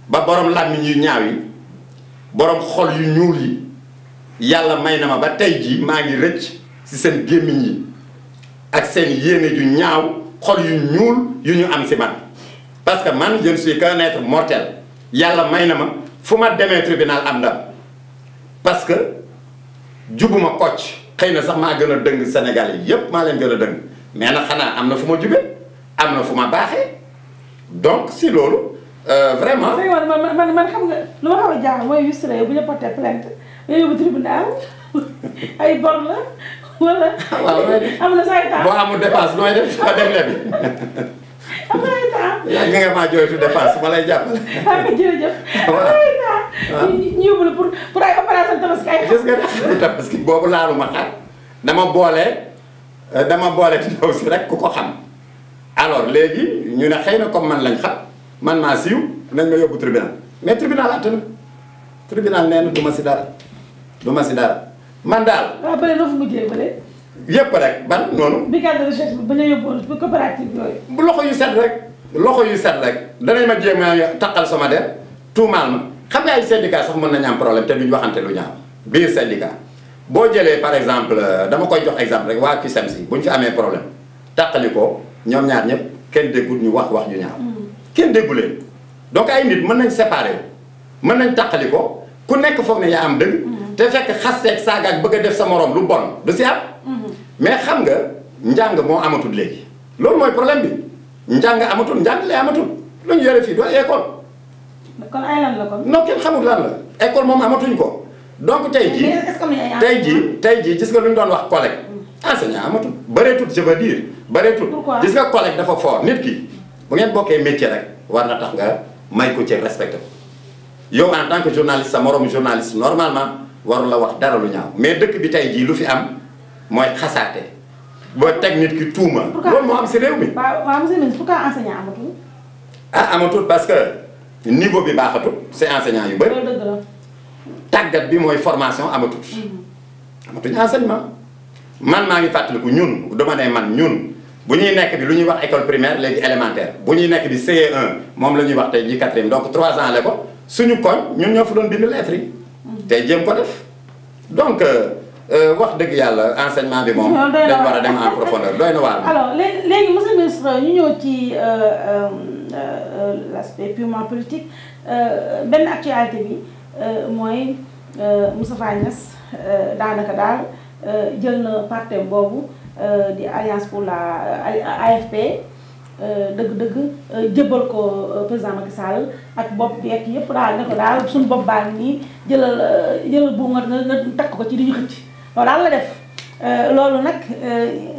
S2: ba borom làmmiñ yu ñaaw yi borom xol yu ñuul yi yàlla may na ma ba tey jii maa ngi rëcc si seen gémmiñ yi ak seen yéene ju ñaaw xol yu ñuul yu ñu am si man parce que man je ne suis qu'un mortel yàlla may na ma fu ma demee tribunal am ndam parce que jubuma kocc xëy na sax maa gën a dëng Sénégal yi yépp maa leen gën a dëng mais na xanaa am na fu ma jubee am na fu ma baaxee donc si loolu euh, vraiment.
S1: man man man xam nga lu ma xaw a jaaxal mooy juste bu ñu porté plainte nga yóbbu tribunal ay bor la wala. am na say temps boo
S2: amul dépense nooy def nga dem lebi. am na ay temps. yaa nga maa jooytu dépense ma lay jàppale.
S1: ah jërëjëf. waaw waaw ñu yóbbu la pour pour ay opération tabaski ay. gis nga
S2: tabaski boobu laaluma xar dama boole euh, dama boole ndaw si rek ku ko xam. alors léegi ñu ne xëy na comme man lañ xam man naa siiw nañ ma yóbbu tribunal mais tribunal àtte na tribunal nee na du ma si dara du ma si dara man daal.
S1: waaw ah, bële loo fi mujjee
S2: yëpp rek ban noonu.
S1: brigade de recherche bi bañ a
S2: bu loxo yu set rek. loxo yu set rek danañ ma jéem a taqal sama der tuumaal ma xam nga ay syndicat sax mën nañu am problème te duñ waxante lu ñaaw biir syndicat boo jëlee par exemple euh, dama koy jox exemple rek waa CUSEMS yi bu ñu fi amee problème taqali ko. ñoom ñaar ñëpp kenn déggul ñu wax wax ju ñaaw kenn déggu leen donc ay nit mën nañ séparé wu mën nañ taqali ko ku nekk foog ne yaa am dëgg mm-hmm. te fekk xasteeg saaga ak bëgg a def sa morom lu bon du si am mm-hmm. mais xam nga njàng moo amatul léegi loolu mooy problème bi njàng amatul njàng lay amatul lu ñu yore fii doo école
S1: kon ay lan la kon
S2: non kenn xamul lan la école moom amatuñ ko donc tey jii tey jii tey jii gis nga lu ñu doon wax collègue enseignant ah, amatul bëreetut je veux dire bëreetut. pourquoi gis nga collègue dafa fort nit ki bu ngeen bokkee métier rek war na tax nga may ko ci respecté ko yow en tant que journaliste sa moromu journaliste normalement war la wax dara lu ñaaw mais dëkk bi tey jii lu fi am mooy xasaate boo teg nit ki tuuma.
S1: loolu moo am si réew mi. waaw waaw monsieur le ministre pourquoi enseignant amatul.
S2: Ah, parce que niveau bi baaxatul c' est enseignant yu bëri. tàggat bi mooy formation amatul.
S1: Mm-hmm.
S2: amatuñ enseignement. man maa ngi fàttaliku ñun dama ne man ñun bu ñuy nekk bi lu ñuy wax école primaire léegi élémentaire bu ñuy nekk bi CE1 moom la ñuy wax tey jii quatrième donc trois ans la ko suñu koñ ñun ñoo fa doon bind lettre yi tey jéem ko def donc euh, euh, wax dëgg yàlla enseignement bi moom dañ war a dem en profondeur doy na waar
S1: alors léegi monsieur le ministre ñu ñëw ci euh, l'aspect purement politique benn actualité bi mooy Moustapha daanaka daal Euh, jël na partem boobu euh, di alliance pour la euh, AFP dëgg-dëgg jëbal ko président Macky Sall ak bopp beeg yëpp daal ne ko daal suñu bopp baa ngi nii jëlal jëlal bu nga nga takk ko ci di ñu xëcc loolu daal la def loolu nag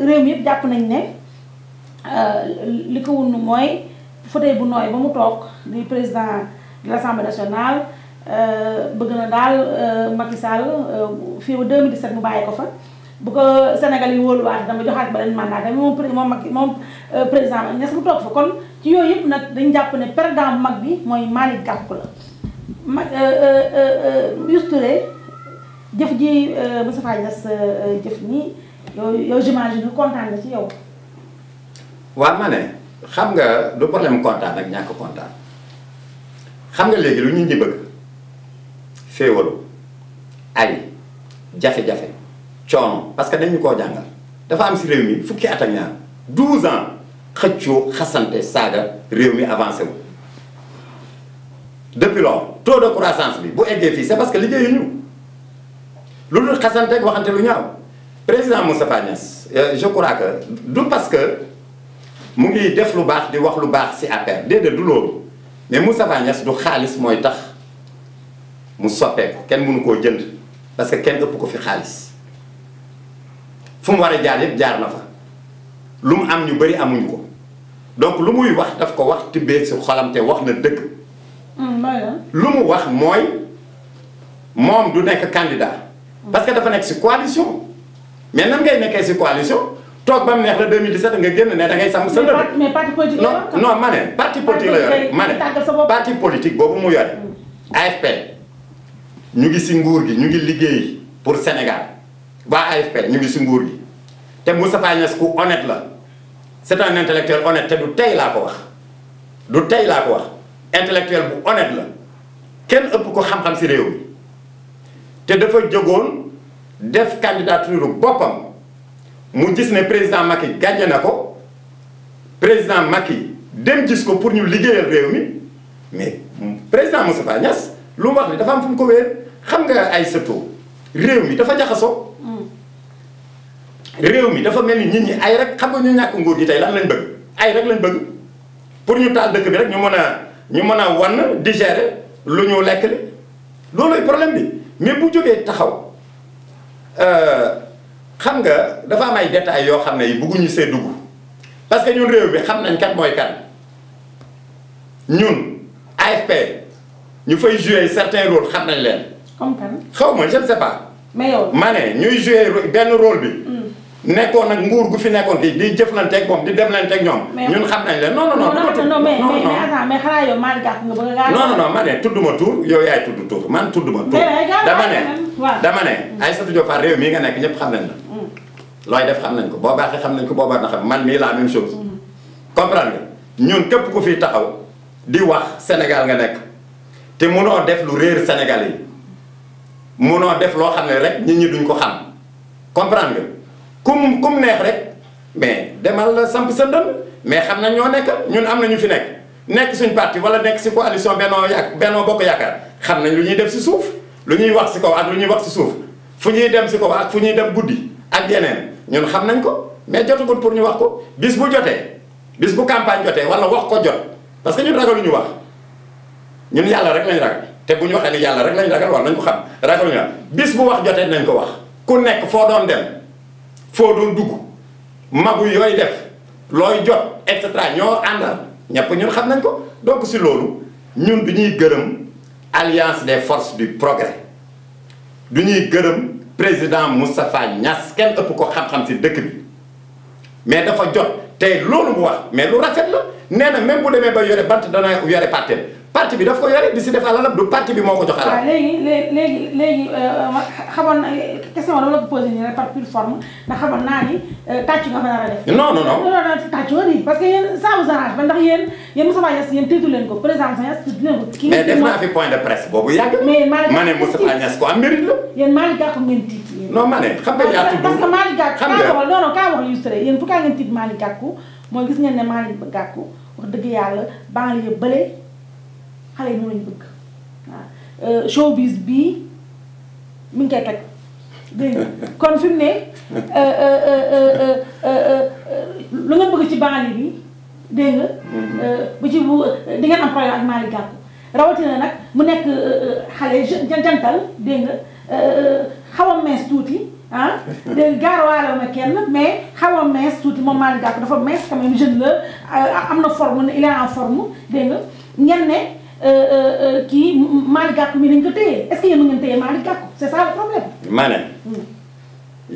S1: réew mi yëpp jàpp nañ ne li ko wunn mooy fauteuil bu nooy ba mu toog di président de l'Assemblée nationale Euh, bëgg na daal euh, Macky Sall euh, fii ba 2017 mu bàyyi ko fa bu ko Sénégal yi wóoluwaatee dama joxaat beneen mandat tamit moom moom Macky moom président Niass bu toog fa kon ci yooyu yëpp nag dañ jàpp ne président bu mag bi mooy Malick Gakou la. ma Youssou Touré jëf ji Moustapha Niass jëf nii yow yow j'imagine kontaan nga ci yow.
S2: waaw ma ne xam nga du problème kontaan ak ñàkk kontaan xam nga léegi lu ñu di bëgg. féewaloo ay jafe-jafe coono parce que dañu koo jàngal dafa am si réew mi fukki at ak ñaar 12 ans xëccoo xasante saaga réew mi avancé wu. depuis lors taux de croissance bi bu eggee fii c'est parce que liggéeyuñu lu dul xasante ak waxante lu ñaaw président Moustapha Niass euh, je crois que du parce que mu ngi def lu baax di wax lu baax si affaire déedéet du loolu mais Moustapha Niass du xaalis mooy tax. mu soppeeku kenn mënu koo jënd parce que kenn ëpp ko fi xaalis fu mu war a jaar yëpp jaar na fa lu mu am ñu bëri amuñu ko donc lu muy wax daf ko wax tibbee si xolam te wax na dëgg. Hmm, lu mu wax mooy moom du nekk candidat. parce que dafa nekk si coalition. mais nan ngay nekkee si coalition toog ba mu neex la 2017 nga génn ne da ngay sàmm sa dëkk.
S1: mais parti politique non
S2: non ma ne. parti politique la yore ma ne parti politique boobu mu yore hmm. AFP. ñu ngi si nguur gi ñu ngi liggéey pour Sénégal waa AFP ñu ngi si nguur gi te Moustapha Niasse ku honnête la c'est un intellectuel honnête te du tey laa ko wax du tey laa ko wax intellectuel bu honnête la kenn ëpp ko xam-xam si réew mi te dafa jógoon def candidature boppam mu gis ne président Macky gagné na ko président Macky dem gis ko pour ñu liggéeyal réew mi mais président Moustapha Niasse lu mu wax li dafa am fu mu ko wéer xam nga ay sëto réew mi dafa jaxasoo mm. réew mi dafa mel ni nit ñi ay rek xam nga ñu ñàkk nguur gi tey lan lañ bëgg ay rek lañ bëgg pour ñu taal dëkk bi rek ñu mën a ñu mën a wan digérer lu ñu lekk li loolooy problème bi mais bu jógee taxaw euh, xam nga dafa am ay détails yoo xam ne yi bëgguñu see dugg parce que ñun réew mi xam nañ kat mooy kan ñun AFP ñu fay jouer certains rôles xam nañ leen. comme xaw ma je ne sais pas. ma ne ñuy jouer benn rôle bi.
S3: Mm.
S2: nekkoon nag nguur gu fi nekkoon di di jëflanteeg moom di demlanteeg ñoom. ñun xam nañ leen non non non. non non mais
S1: mais xanaa yow ma
S2: ne tudduma tur yow yaay tudd tur man tudduma tur. dama
S1: ne
S2: dama ne. Aïssatou Diop Fall réew mii nga nekk ñëpp xam nañ la.
S3: Mm.
S2: looy def xam nañ ko boo baaxee xam nañ ko boo baax na xam man mii la même chose. Mm. comprendre nga ñun këpp ko fii taxaw di wax Sénégal nga nekk te mënoo def lu réer Sénégal yi mënoo def loo xam ne rek nit ñi duñ ko xam comprendre nga kum kum neex rek mais demal samp sa ndënd mais xam nañ ñoo nekk ñun am na ñu fi nekk nekk suñ parti wala nekk si ko coalition Benno Yak Benno Bokk Yaakaar xam nañ lu ñuy def si suuf lu ñuy wax si kaw ak lu ñuy wax si suuf fu ñuy dem si kaw ak fu ñuy dem guddi ak yeneen ñun xam nañ ko mais jotagul pour ñu wax ko bis bu jotee bis bu campagne jotee wala wax ko jot parce que ñun ragaluñu wax. ñun yàlla rek lañ ragal te bu ñu waxee yàlla rek lañ ragal war nañ ko xam ragaluñu la bis bu wax jotee nañ ko wax ku nekk foo doon dem foo doon dugg magu yooyu def looy jot et cetera ñoo àndal ñëpp ñun xam nañ ko donc si loolu ñun du ñuy gërëm alliance des forces du progrès du ñuy gërëm président Moustapha Niass kenn ëpp ko xam-xam si dëkk bi mais dafa jot te loolu bu wax mais lu rafet la nee na même bu demee ba yore bant dana yore parteem parti bi daf ko yore di si def alalam du parti bi moo ko jox alal. waaw
S1: léegi léegi léegi euh, xamoon na question dama la ko posé nii rek par pure forme ndax xamoon naa ni euh, tàccu nga fa nar a def. non non non non non tàccu nii parce que yéen ça vous arrange ba ndax yéen yéen Moussa Niass yéen tëjtu leen ko président Moussa Niass tëjtu leen ko. kii mais def naa fi
S2: point de presse boobu yàgg. mais Malick ma ne Moussa Niass ko am mérite la.
S1: yéen Malick Gakou ngeen tiit yéen. non
S2: ma ne xam nga yaa tudd. parce que
S1: Malick Gakou kaa wax non non kaa wax illustré yéen fu kaa ngeen tiit Malick Gakou mooy gis ngeen ne Malick Gakou wax dëgg yàlla banlieue bële xale yi moom lañu bëgg waaw euh, showbiz bii mi ngi koy toj kon fi mu ne euh, euh, lu nga bëgg ci banlieue bi dégg mm-hmm. bu ci bu di ngeen am problème ak Malick Gakou rawatina nag mu nekk xale jantal dégg nga xaw a mees tuuti ah dégg na kenn mais xaw a mees tuuti moom Malick Gakou dafa mees quand jeune la am na forme il est en forme dégg ne. Euh, euh, euh, kii Malick Gakou mi nañ ko téye est-ce que yéen a ngeen téye Malick Gakou c'est ça le problème. maanaam. Hmm.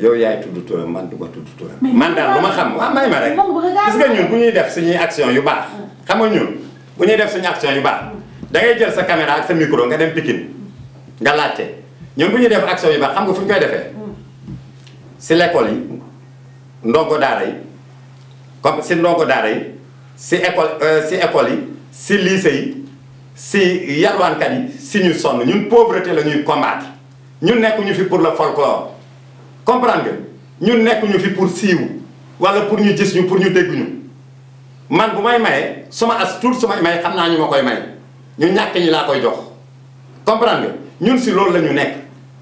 S2: yow yaay tudd turam man du ma tudd turam. man daal lu ma xam waaw may ma rek. gis nga ñun bu ñuy def suñuy action yu baax. Hmm. xam nga ñun bu ñuy def suñu action yu baax da ngay jël sa caméra ak sa micro nga dem Pikine nga laajte ñun bu ñuy def action yu baax xam nga fu ñu koy defee. Hmm. si l'école yi ndongo daara yi comme si ndongo daara yi si école si école yi si lycée yi. si yalwaankat yi si ñu sonn ñun pauvreté la ñuy combattre ñun nekkuñu fi pour le folklore comprendre nga ñun nekkuñu fi pour siiw wala pour ñu gis ñu pour ñu dégg man bu may maye suma as tuut su may maye xam naa ñu ma koy may ñu ñàkk ñi laa koy jox comprendre nga ñun si loolu la ñu nekk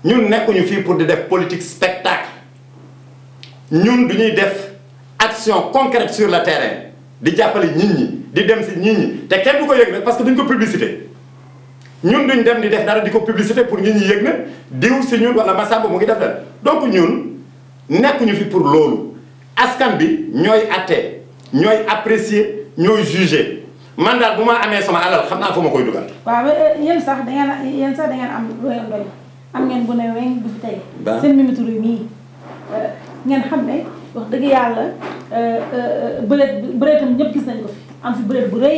S2: ñun nekkuñu fii pour di def politique spectacle ñun du ñuy def action concrète sur le terrain di jàppale nit ñi. di dem si nit te kenn du ko yëg nag parce que duñ ko publicité ñun duñ dem di def dara di ko publicité pour nit ñi yëg na diw si ñun wala Massamba mu ngi def dara donc ñun nekkuñu fi pour loolu askan bi ñooy atte ñooy apprécier ñooy juger. man daal bu ma amee sama alal xam naa fa ma koy dugal.
S1: waaw euh, yéen sax da ngeen yéen sax ngeen am doy am ngeen bu ne weñ bu fi tey. seen mimitur yi euh, ngeen xam ne. wax dëgg yàlla euh, euh, bëreet bëreetam ñëpp gis nañ ko fi am fi bëreet bu rëy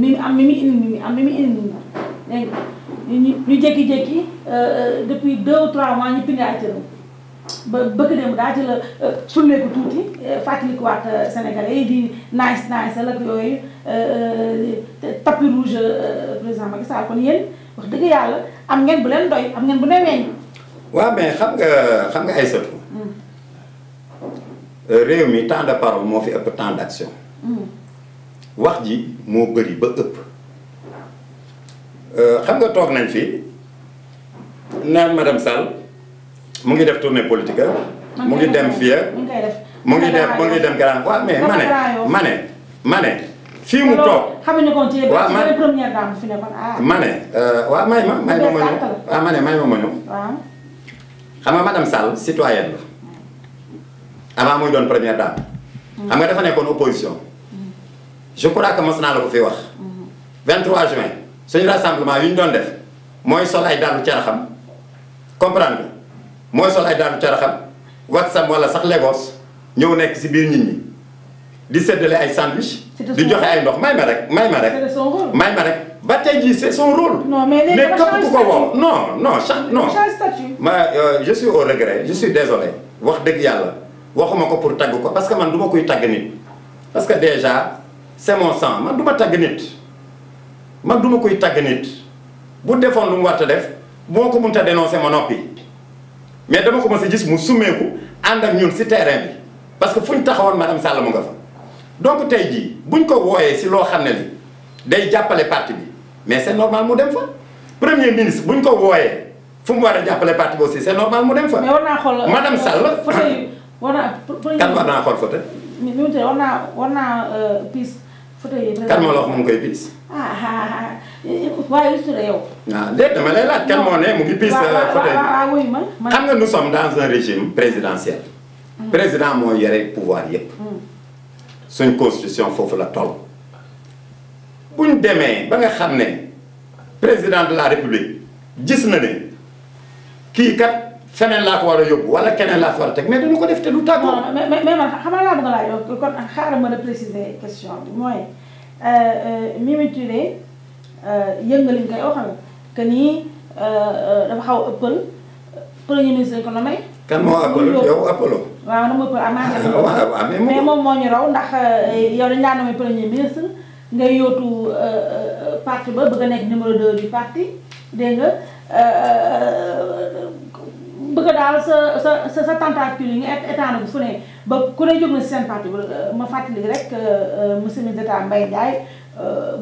S1: mi am mi mi indi mi mi am mi mi indi mi dégg ñu ñu jékki-jékki euh, depuis deux ou trois mois ñu pindi ay cëram ba bëgg dem daa ci la sulleeku tuuti fàttalikuwaat Sénégalais yi di nice nice la ak yooyu tapis rouge président Macky Sall kon yéen wax dëgg yàlla am ngeen bu leen doy am ngeen bu ne weñ
S2: waaw mais xam nga xam nga ay sëtu réew mi temps de parole moo fi ëpp temps d'action mm. wax ji moo bëri ba ëpp euh, xam nga toog nañ fi naan madame Sall mu ngi def tournée politique
S1: mu ngi dem fii mu ngi dem mu ngi dem
S2: grand waaw fii mu toog
S1: xamuñu ko ci ma première dame fi nekkoon ah ma
S2: euh, may ma may ma ma ñëw waaw may ma ma xam nga madame Sall citoyenne la avant muy doon première dame. xam nga dafa nekkoon opposition. je crois que mos naa la ko fi wax. 23 juin suñu rassemblement yi ñu doon def mooy sol ay dàllu caraxam comprendre nga mooy sol ay dàllu caraxam whatsapp wala sax Lagos ñëw nekk si biir nit ñi di séddale ay sandwich. di joxe ay ndox may ma rek may ma rek. may ma rek ba tey jii c'est son rôle.
S1: non mais léegi dafa ko woo non
S2: non. non ma euh, je suis au regret je suis désolé wax dëgg yàlla. waxuma ko pour tagg ko parce que man du ma koy tagg nit parce que déjà c'est mon sang man du ma tagg nit man duma ma koy tagg nit bu defoon lu mu war def moo ko mënut a dénoncer ma noppi mais dama ko mës a gis mu summeeku ànd ak ñun si terrain bi parce que fu ñu taxawoon madame Sall mu nga fa. donc tey jii buñ ko wooyee si loo xam ne li day jàppale parti bi mais c'est normal mu dem fa premier ministre buñ ko wooyee fu mu war a jàppale parti bi aussi c'est normal mu dem fa. mais war
S1: naa Sall. Euh, war naa kan war naa xool foto. Euh, piis foto yi. kan moo la wax mu ngi koy piis. ah ah, ah, ah. waaye su yow.
S2: waaw ah, déet dama lay laaj kan moo ne mu ngi piis. foto
S1: euh,
S2: xam nga nous sommes dans un régime présidentiel. Mm. président moo yore pouvoir yépp mm. suñ constitution foofu la toll. bu demee ba nga xam ne président de la république gis na ne kii kat. feneen laa ko war a yóbbu wala keneen laa ko war a teg mais dañu
S1: ko def te du tàggoo. non mais mais man xam nga laa bëgg laa yóbbu kon mooy euh, euh, Mimi Touré euh, yëngal li dafa xaw a ëppal premier ministre ko kan moo ëppal yow ëppaloo. waaw dama ëppal amaat mais moom moo ñu raw ndax yow dañu daan nommé premier ministre ngay yóotu parti ba bëgg a nekk numéro 2 du parti dégg nga. bëgg daal sa sa sa tentacule yi nga état bu fu ne ba ku ne jóg na si seen parti euh, ma fàttali rek euh, euh, monsieur ministre d'État Mbaye Ndiaye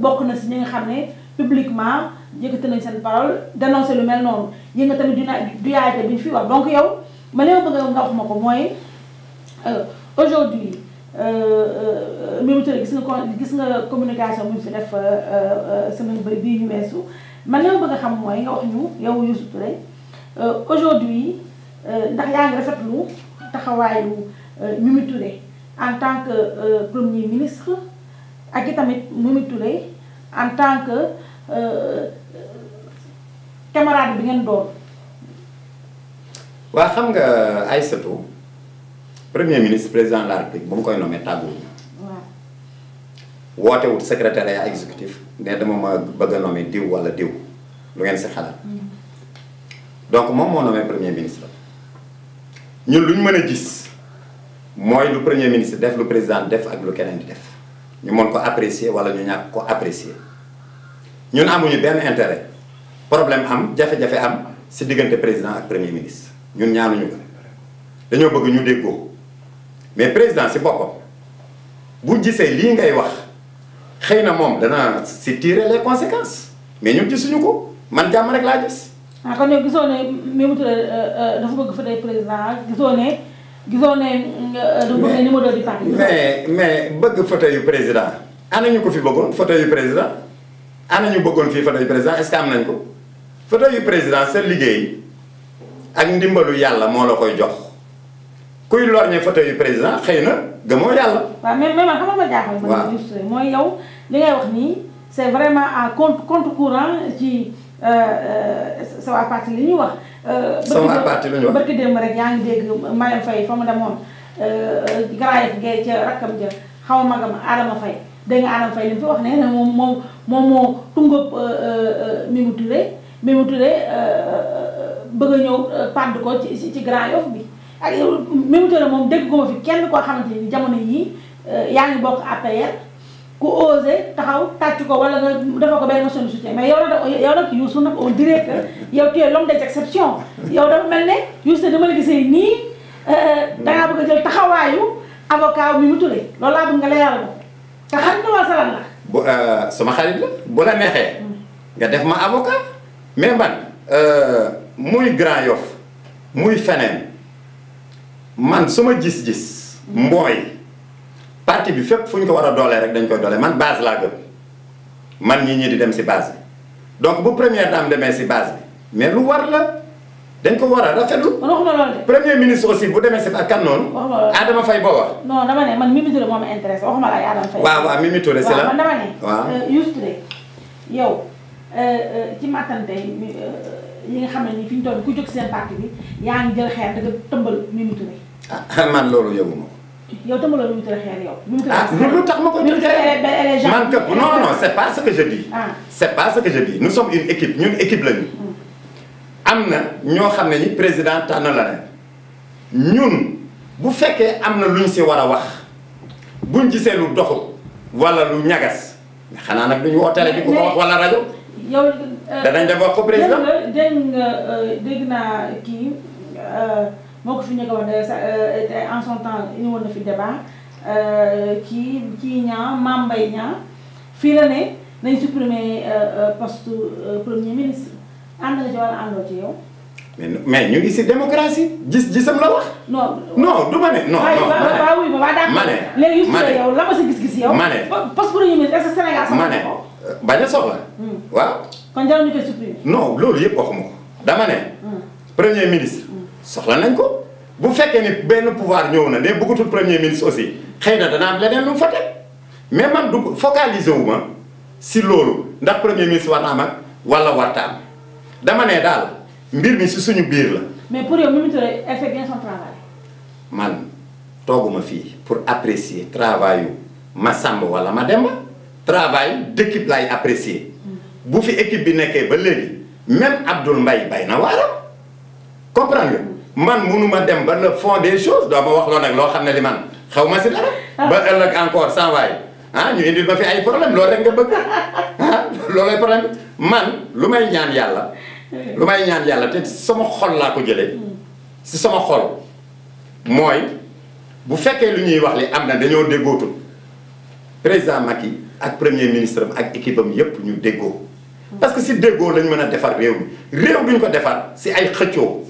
S1: bokk na si ñi nga xam ne publiquement yëkkati nañ seen parole dénoncé lu mel noonu yi nga tamit du na bi ñu fi wax donc yow ma ne ma bëgg nga wax ma ko mooy aujourd'hui Mimi Touré gis nga gis communication bu ñu fi def semaine bi bii ñu weesu man li ma bëgg a xam mooy nga wax ñu yow Youssou Touré Euh, aujourd'hui euh, ndax yaa ngi rafetlu taxawaayu Mimi en tant que premier ministre ak i tamit Mimi Touré en tant que euh, camarade bi ngeen doon.
S2: waa xam nga Aïssatou premier ministre président de la République ba mu koy nommé tàgguwuñu. waaw woote wut secrétariat ne dama ma bëgg a diw wala diw lu ngeen si xalaat. Mm. donc moom moo nommé premier ministre ñun lu ñu mën a gis mooy lu premier ministre def lu président def ak lu keneen di def ñu mën ko apprécier wala ñu ñàkk ko apprécier ñun amuñu benn intérêt problème am jafe-jafe am si diggante président ak premier ministre ñun ñaanuñu ko dañoo bëgg ñu déggoo mais président si boppam bu gisee lii ngay wax xëy na moom dana si tirer les conséquences mais ñu gisuñu
S1: ko man jàmm rek laa gis. ah kon nag gisoo ne Mimi Touré euh, euh, dafa bëgg fa day président gisoo ne gisoo ne. Euh, dafa bëgg ne numéro di parti. mais
S2: mais bëgg fauteuil yu président ana ñu ko fi bëggoon fauteuil yu président fii fauteuil président am nañ ko fauteuil yu président sa liggéey ak ndimbalu yàlla moo la koy jox. kuy lorñe fauteuil yu président xëy na gëmoo yàlla.
S1: waaw mais mais man xam nga ma jaaxal. waaw mooy yow li wax nii c'est vraiment à contre contre courant ci. Euh, euh, sa waa parti li ñuy wax. Euh, sa waa parti li ñuy wax barki démb rek yaa ngi dégg Mariam Faye fa mu demoon Garaayef Guèye ca rakkam ja xaw ma magam Adama Faye dégg nga Adama Faye li mu fi wax nee moom moom moom moo tungab Mimi Touré Mimi bëgg a ñëw pàdd ko ci ci Garaayef bi. ak Mimi moom dégg ko ma fi kenn koo xamante ni jamono yii yaa ngi bokk APR. ku osé taxaw tàcc ko wala nga dafa ko benn motion de soutien mais yow def yow nag Youssou su on dirait que yow tu es l'homme des exceptions yow dafa mel ne Youssou dama la gisee nii euh, dangaa bëgg a jël taxawaayu avocat mi mu turee loolu laa bëgg nga leeral
S2: ko te euh, sama xarit la bu la neexee nga def ma avocat mais man euh, muy Grand Yoff muy feneen man sama gis-gis mbooy parti bi fépp fu ñu ko war a doolee rek dañ koy doole man base laa gëm man ñi ñi di dem si base bi donc bu première dame demee si baas bi mais lu war la dañ ko war a rafetlu. premier ministre aussi bu demee si ak kan noonu. Adama Faye boo wax.
S1: dama ne man Mimi Touré moo ma intéressé waxuma la ay Adama Faye. waaw waaw Mimi Touré si la man dama ne. waaw euh, Youssou Touré yow euh, euh, ci mattante yi nga xam ne nii fi ñu toll ku jóg seen parti bi yaa ngi jël xeer dëgg tëmbal Mimi
S2: ah, loolu yëgu
S1: yow dama la wutal xeer yow. ah lu tax ma ko wutal xeer man
S2: que non non c' est pas que je dis. Ah. c' est pas ce que je dis nous sommes une équipe ñun équipe lañu. Hmm. am na ñoo xam ne ni président tànn la ren ñun bu fekkee am na lu ñu si war a wax buñ gisee lu doxu walla lu ñagas xanaa nag duñu woo télé bi ku ko wax wala rajo.
S1: yow euh, danañ dem wax ko président dégg nga euh, dégg naa kii. Euh, moo ko fi nekk woon euh, euh, en son temps indi woon na fi débat kii kii ñaa Mame Mbaye Niang fii la ne nañ supprimer euh, poste premier ministre ànd nga ci wala àndoo ci yow.
S3: mais ñu ngi si démocratie gis gisam
S1: la wax. no
S2: non du ma ne. non non waaw waaw ma ne léegi yow la ma si gis-gis yow. ma ne
S1: poste premier ministre est-ce que Sénégal sama ko bañ a soxla. Hmm. waaw. kon jarul ñu koy supprimer.
S2: non loolu yëpp waxuma ko dama ne. Hmm. premier ministre. soxla nañ ko bu fekkee ni benn pouvoir ñëw na ne bëggatul premier ministre aussi xëy na dana am leneen lu mu fa teg mais man du focaliser wu ma si loolu ndax premier ministre war na am ak wala warta am dama ne daal mbir mi si suñu biir la.
S1: mais pour yow Mimi Touré elle fait bien
S2: man tooguma fii pour apprécier travail ma Samba wala ma Demba travail d'équipe lay apprécier. Mm. bu fi équipe bi nekkee ba léegi même Abdoul Mbaye bay na waaram comprendre nga. man munuma dem ba le fond des choses doo ma wax loo nag loo xam ne li man xaw ma si dara. ba ëllëg encore sans waay ah ñu indil ma fi ay problème loolu rek nga bëgg ah loolay problème man lu may ñaan yàlla. lu may ñaan yàlla te sama xol laa ko jëlee. si sama xol mooy bu fekkee lu ñuy wax li am na dañoo déggootul président Macky ak premier ministre ak équipe am yëpp ñu déggoo. parce que si déggoo lañ mën a defar réew mi réew duñ ko defar si ay xëccoo.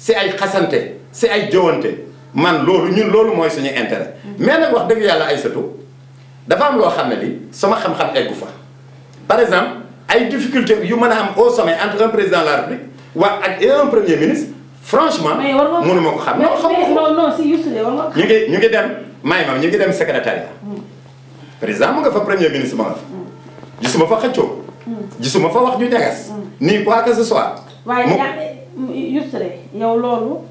S2: si ay xasante si ay jëwante man loolu ñun loolu mooy suñu intérêt. Mm-hmm. mais nag wax dëgg yàlla ay sëtu dafa am loo xam ne li sama xam-xam eggu fa par exemple ay difficulté yu mën a am au sommet entre un président la République waa ak un premier ministre franchement. mënu ne ko xam non xam
S1: nga ko
S2: ñu ngi ñu ngi dem may ma ñu ngi dem secrétariat. Mm. président mu nga fa premier ministre ma nga fa.
S1: Mm.
S2: gisuma fa xëccoo. Mm. gisuma fa wax ju degas. ni quoi que ce soit.
S1: waaye Yusre yow loolu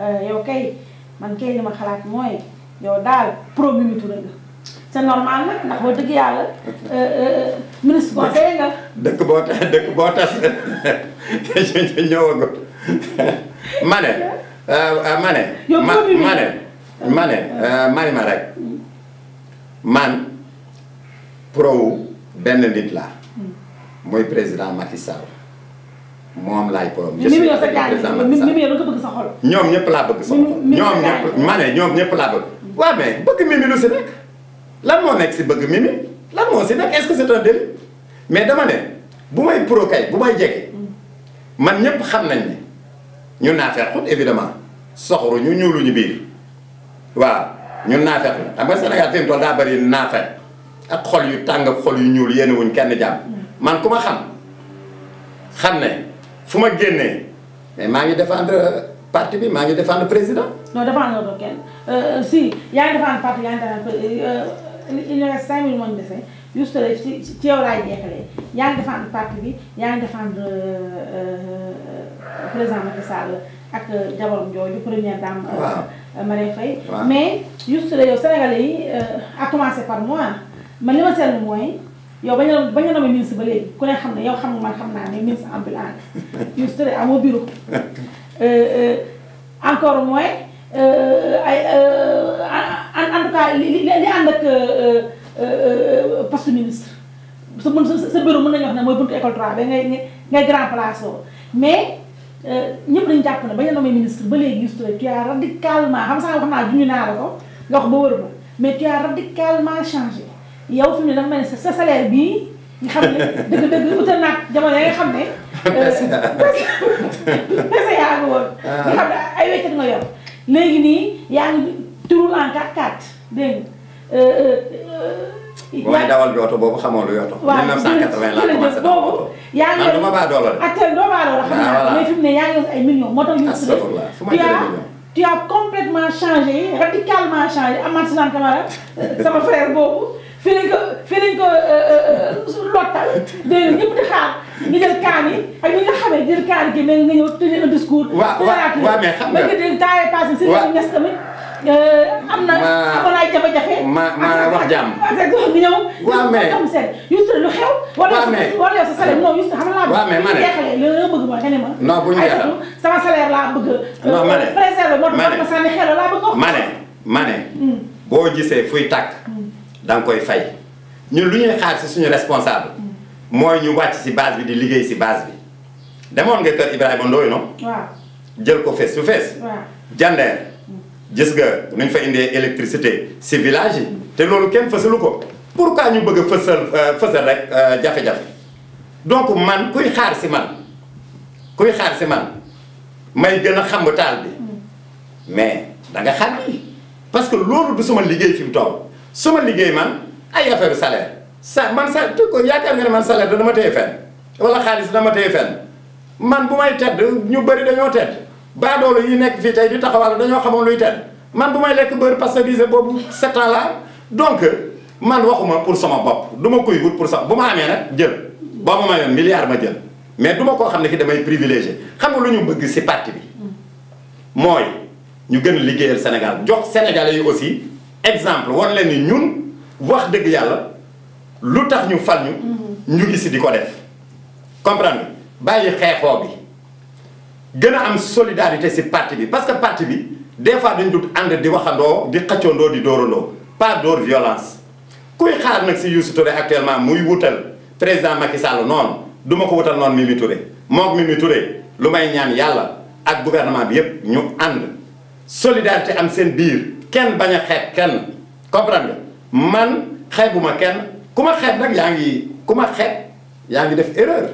S1: eh, yow kay man kay li ma xalaat mooy yow daal promu mi tura nga c'est nag ndax ba dëgg yàlla eh, eh, ministre boo tey nga
S2: dëkk boo tas ñëwagut ma ne ma ne ma mm. man pro benn nit la mooy mm. président Macky moom laay borom. je suis le président Macky
S1: bëgg sa
S2: ñoom ñëpp laa bëgg sa xol. ñoom ñëpp ma ne ñoom ñëpp laa bëgg. waaw mais bëgg Mimi lu si nekk lan moo nekk si bëgg Mimi lan moo si nekk est-ce mais dama ne bu may pro kay bu may jege man ñëpp xam nañ ne ñun naa fexe xut évidemment soxru ñu ñuuluñu biir waaw ñun naa fexe xam nga Sénégal fi mu toll daa bëri naa ak xol yu tàng ak xol yu ñuul yéen wuñ kenn jàmm man ku ma xam xam ne. fu ma génnee. mais maa ngi défendre parti bi maa ngi défendre président.
S1: non défendre ko kenn euh, si yaa ngi défendre parti yaa ngi défendre euh, euh, il reste cinq mille moom dese bi yaa ngi défendre président Macky Sall ak jabaram jooju première dame. waaw Marème Faye. mais juste yow Sénégalais yi a par moi man li ma seetlu mooy. yow ba ñu ba ñu nommé ministre ba léegi ku ne xam ne yow xam nga man xam naa ne ministre ambulant euh, euh, euh, ministre à mon bureau encore mooy ay sa sa bureau mën nañu wax ne mooy buntu école 3 ba ngay ngay grand place boobu mais ñëpp nañ jàpp na ba ñu nommé ministre ba léegi Youssou tu as radicalement xam sax wax naa juñu naa la ko nga wax ba wër ba mais tu as radicalement changé yow fi mu ne dafa mel sa salaire bii ñu xam ne dëgg-dëgg utal naag jamono ya nga xam ne.
S2: merci euh,
S1: yaa ngi woon. Ah. nga xam ne ay wéccet nga yor. léegi nii yaa ngi turul en 4-4 dégg euh, euh,
S2: boobu xamoo lu yoto. waaw
S1: yaa ngi yor baa doole ak tey doo baa doole xam naa ah, mais fi mu ne yaa ngi yor ay millions moo tax ñu. astafurlah fu ma jëlee million tu as complètement changé radicalement changé Amath sama frère boobu. fii lañ ko fii lañ ko lottal euh, euh, euh, dégg nga ñëpp di xaar ñu jël kaan yi ak ñi jël kaan gi mais nga ñëw tenir un discours. waaw waaw waaw am na amoon ay jafe-jafe. ma ma wax jàmm. ak wax gi ñëw. waaw mais am seen juste lu xew. waaw mais wala yow laa bëgg. waaw mais ma ne jeexalee li nga ma. non bu ñu jeexal sama salaire laa
S2: ma ne préserver da koy fay ñun lu ñuy xaar si suñu responsable mooy ñu wàcc si base bi di liggéey si base bi demoon nga kër Ibrahima Ndoye noonu. jël ko fees su fees. waaw jandeer mm. gis nga nuñ fa indee électricité si village yi te loolu kenn fësalu ko. pour pourquoi ñu bëgg a fësal euh, fësal rek euh, jafe-jafe donc man kuy xaar si man kuy xaar si man may gën a xam taal bi mm. mais da nga xaar parce que loolu du suma liggéey fi mu toll. sama liggéey man ay affaire salaire sa man sa ko yaakaar nga ne man salaire dama téye fen wala xaalis dama téye fen man bu may tedd ñu bëri dañoo tedd baadoolo yi nekk fii tey di taxawal dañoo xamoon luy tedd man bu may lekk beurre pasteurisé boobu sept ans la donc man waxuma pour sama bopp duma ma koy wut pour sama bu ma amee nag jël boo ma mayoon milliard ma jël mais duma ma koo xam ne ki damay privilégié xam nga lu ñu bëgg si parti bi mm. mooy ñu gën liggéeyal Sénégal jox Sénégalais yi aussi exemple war leen ni ñun wax dëgg yàlla lu tax ñu fal ñu.
S3: Mhm.
S2: ñu ngi si di ko def. comprendre bàyyi xeexoo bi gën a am solidarité si parti bi parce que parti bi des fois dañ dut ànd di waxandoo di xëccoondoo di dóorandoo par door violence. kuy xaar nag si Youssou Touré actuellement muy wutal président Macky Sall noonu du ma ko wutal noonu Mimi Touré moog Mimi Touré lu may ñaan yàlla ak gouvernement bi yépp ñu ànd solidarité am seen biir. kenn bañ a xeeb kenn comprendre nga man ma kenn ku ma xeeb nag yaa ngi ku ma xeeb yaa ngi def erreur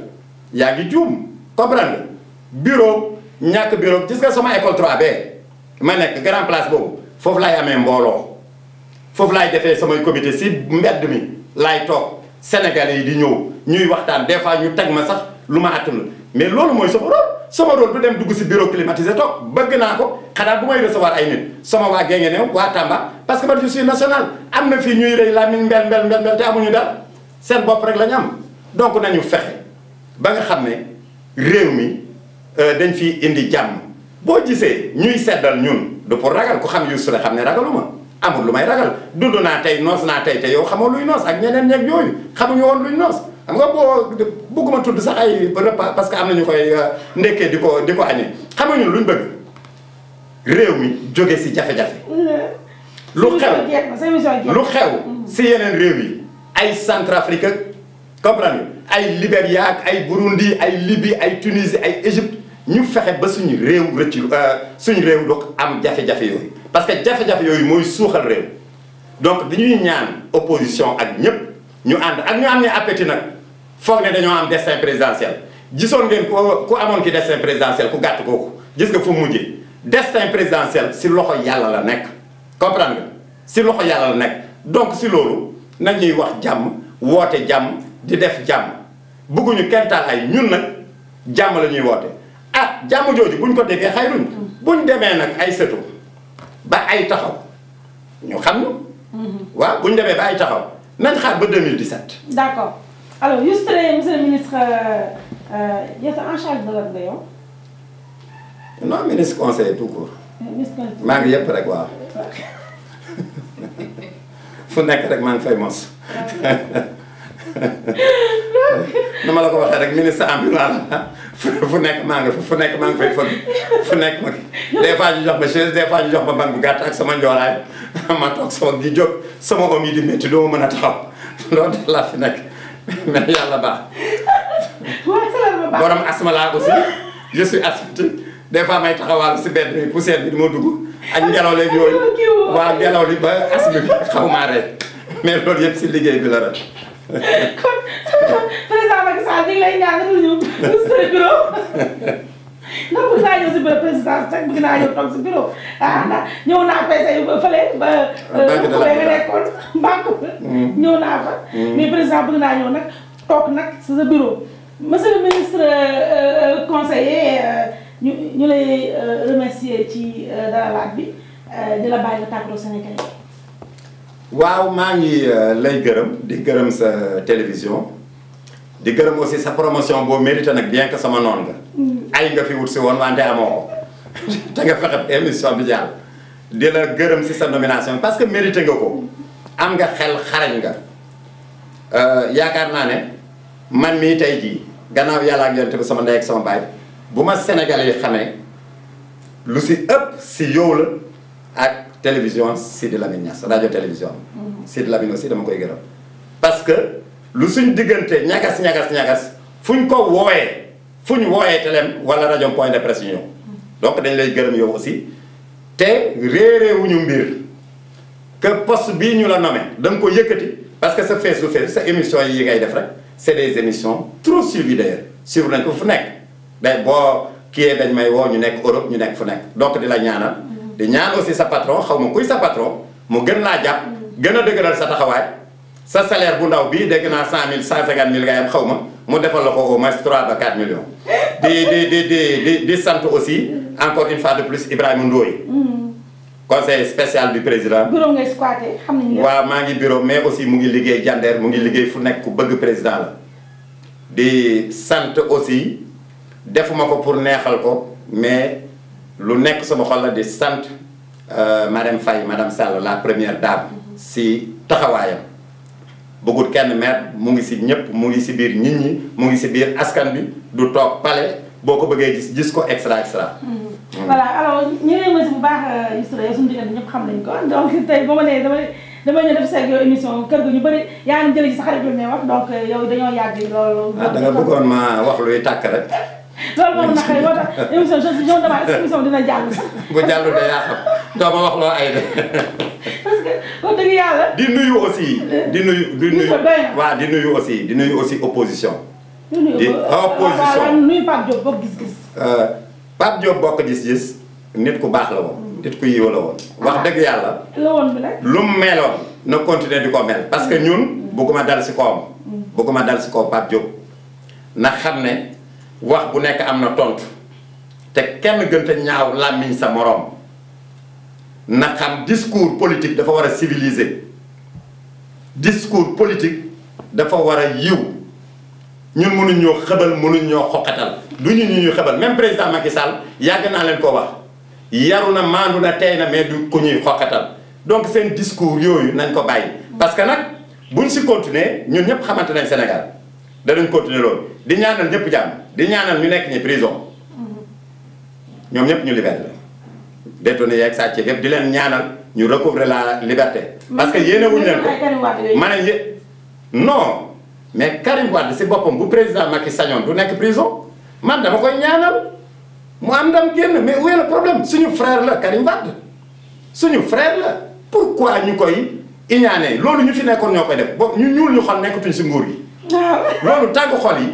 S2: yaa ngi juum comprendre nga bureau ñàkk bureau gis nga sama école 3B ma nekk grand place boobu foofu laay amee mbooloo foofu laay defee samay comité si mbedd mi laay toog sénégalais yi di ñëw ñuy waxtaan des fois ñu teg ma sax lu ma attan mais loolu mooy sama rôle sama rôle du dem dugg si bureau climatisé toog bëgg naa ko xanaa bu may recevoir ay nit soma waa Guinguinéo waa Tamba parce que man je suis national am na fii ñuy rëy làmmiñ mbel mbel mbel mbel te amuñu dara seen bopp rek lañu am donc nañu fexe ba nga xam ne réew mi euh, dañ fi indi jàmm boo gisee ñuy seddal ñun du pour ragal ku xam yu su la xam ne ragaluma amul lu may ragal dudd naa tey noos naa tey te yow xamoo luy noos ak ñeneen ñeeg yooyu xamuñu woon luy noos xam nga boo bëgguma tudd sax ay repas parce que am na ñu koy euh, ndekkee di ko di ko añee xam nga ñun luñ bëgg réew mi jóge si jafe-jafe. lu xew
S1: lu mm. xew
S2: si yeneen réew yi ay Centrafrique comprendre ay liberia ak ay Burundi ay Libye ay Tunisie ay Égypte ñu fexe ba suñu réew rëcc euh, suñu réew du am jafe-jafe yooyu parce que jafe-jafe yooyu mooy suuxal réew donc dañuy ñaan opposition ak ñëpp ñu ànd ak ñu am ne appétit nag. foog ne dañoo am destin présidentiel gisoon ngeen ku amoon ki destin présidentiel ku gàtt kooku gis nga fu mujjee destin présidentiel si loxo yàlla la nekk comprendre nga si loxo yàlla la nekk donc si loolu nañuy wax jàmm woote jàmm di def jàmm bëgguñu kenn taal ay ñun nag jàmm la ñuy woote ah jàmm jooju buñ ko déggee xayruñ buñ demee nag ay sëtu ba ay taxaw ñu xam ñu mm-hmm. waaw buñ demee ba ay taxaw nañ xaar ba 2017
S1: d'accord alors yesterday euh, monsieur le ministre yow en conseil tout court. Euh, ministre conseil
S2: yëpp rek waaw. fu nekk rek maa ngi fay mos. nu ma la ko waxee rek ministre ambulant la fu nekk maa ngi fu nekk maa ngi fay fël fu nekk ma des fois ñu jox ma chaise des fois ñu jox ma banque bu gàtt ak sama njoolaay ma toog sama gi jóg sama om yi di métti doo mën a taxaw loolu daal laa fi nekk. mais yàlla baax. borom asma laa aussi je suis asthmatique des fois may taxawal si bedd bi poussière bi du ma dugg ak leeg yooyu waaw ngelaw li ba asthme bi xaw maa rey mais loolu yëpp si liggéey
S1: bi la rek. kon président Macky Sall ñu ngi lay ñaanal ñu bureau. ndax bëgg naa ñëw si bërëb présidence sax bëgg naa ñëw toog si bureau ah ndax ñëw naa fay say fële ba. Ah, banque de euh, la nga nekkoon banque hmm. ñëw naa fa. Hmm. mais président bëgg naa ñëw nag toog nag si sa bureau. monsieur ministre euh, euh, conseiller ñu lay remercier ci dalalaat bi di la bàyyi la tàggatoo Sénégalais yi.
S2: waaw maa ngi lay gërëm di gërëm sa télévision. di gërëm aussi sa promotion boo mérité nag bien que sama noon nga hmm. ay nga fi wut si woon wante amoo ko te nga fexe émission bi jàll di la gërëm si sa nomination parce que mérité nga ko am nga xel xarañ nga euh, yaakaar naa ne man mii tey jii gannaaw yàlla ak yonent bi sama ndey ak sama baay bu ma Sénégal yi xamee lu si ëpp si yow la ak télévision Sidi Lamine Niass rajo télévision mm-hmm. Sidi Lamine aussi dama koy gërëm parce que lu suñ diggante ñagas ñagas ñagas fuñ ko woowee fu ñu wooyee teleem wala rajo point de presse ñëw donc dañ lay gërëm yow aussi te réeréewuñu mbir que poste bii ñu la nommé da nga ko yëkkati parce que sa fees du fees sa émission yi ngay def rek c'est émission émissions trop suivies d'ailleurs suivre ko fu nekk day boo kii kiyee dañ may woo ñu nekk Europe ñu nekk fu nekk donc di la ñaanal di ñaan aussi sa patron xaw ma kuy sa patron mu gën naa jàpp gën a dëgëral sa taxawaay sa salaire bu ndaw bii dégg naa cent mille cent cinquante mille ngay am xaw ma mu defal la ko au moins 3 ba 4 millions. di di di di di sant aussi encore une fois de plus Ibrahima Ndoye. Mm-hmm. conseil spécial du président.
S1: bureau ngay squatter xam
S2: waaw maa ngi bureau mais aussi mu ngi liggéey jandeer mu ngi liggéey fu nekk ku bëgg président la. di sant aussi defuma ko pour neexal ko mais lu nekk sama xol la di sant euh, madame Faye madame Sall la première dame si taxawaayam. bëggul kenn maire mu ngi si ñëpp mu ngi si biir nit ñi mu ngi si biir askan bi du toog pale boo ko bëggee gis gis ko extra extra.
S1: voilà alors ñëwee ma si bu baax Youssoupha yow suñu diggante ba ma nee dama dama ñëw def seeg yow émission kër ñu bëri yaa ngi jëlee si sa xarit bi may wax donc yow dañoo yàgg loolu. ah da bëggoon ma
S2: wax luy tàkk rek.
S1: loolu moom nag moo tax émission je je émission dina jàll sax.
S2: bu jàll de yaa xam doo ma wax loo ay de.
S1: wax dëgg yàlla.
S2: di nuyu aussi. di nuyu di nuyu waa di nuyu aussi di nuyu aussi opposition.
S1: di euh, opposition nuyu Pape bokk gis-gis.
S2: Euh, Pape nit ku baax la woon. nit ku yiw la woon. wax dëgg yàlla.
S1: la woon bi nag. lu
S2: meloon na continuer di ko mel parce que ñun bëgguma dal si kawam. bëgguma dal si kaw Pape Diop na xam ne wax bu nekk am na tontu te kenn gën te ñaaw làmmiñ sa moroom. na xam discours politique dafa war a civilisé discours politique dafa war a yiw ñun mënuñ ñoo xëbal mënuñ ñoo xoqatal du ñu ñu ñu xëbal même président Macky Sall yàgg naa leen koo wax yaru na maandu na tey na mais du ku ñuy xoqatal donc seen discours yooyu nañ ko bàyyi. parce que nag buñ si continuer ñun ñëpp xamante nañ Sénégal danañ continuer di ñaanal ñëpp jàmm di ñaanal ñu nekk ñi prison mm-hmm. ñoom ñëpp ñu libéré détenus yeeg sàcc yëpp di leen ñaanal ñu recouvrer la liberté. parce que yéene wuñ leen ko ma ne non mais Karim Wade si boppam bu président Macky sañoon du nekk prison man dama koy ñaanal mu am ndam génn mais où est le problème suñu frère la Karim Wade suñu frère la pourquoi ñu koy iñaane loolu ñu fi nekkoon ñoo koy def boobu ñu ñuul ñu xol nekkatuñ si nguur yi. Ah. loolu tàggu xol yi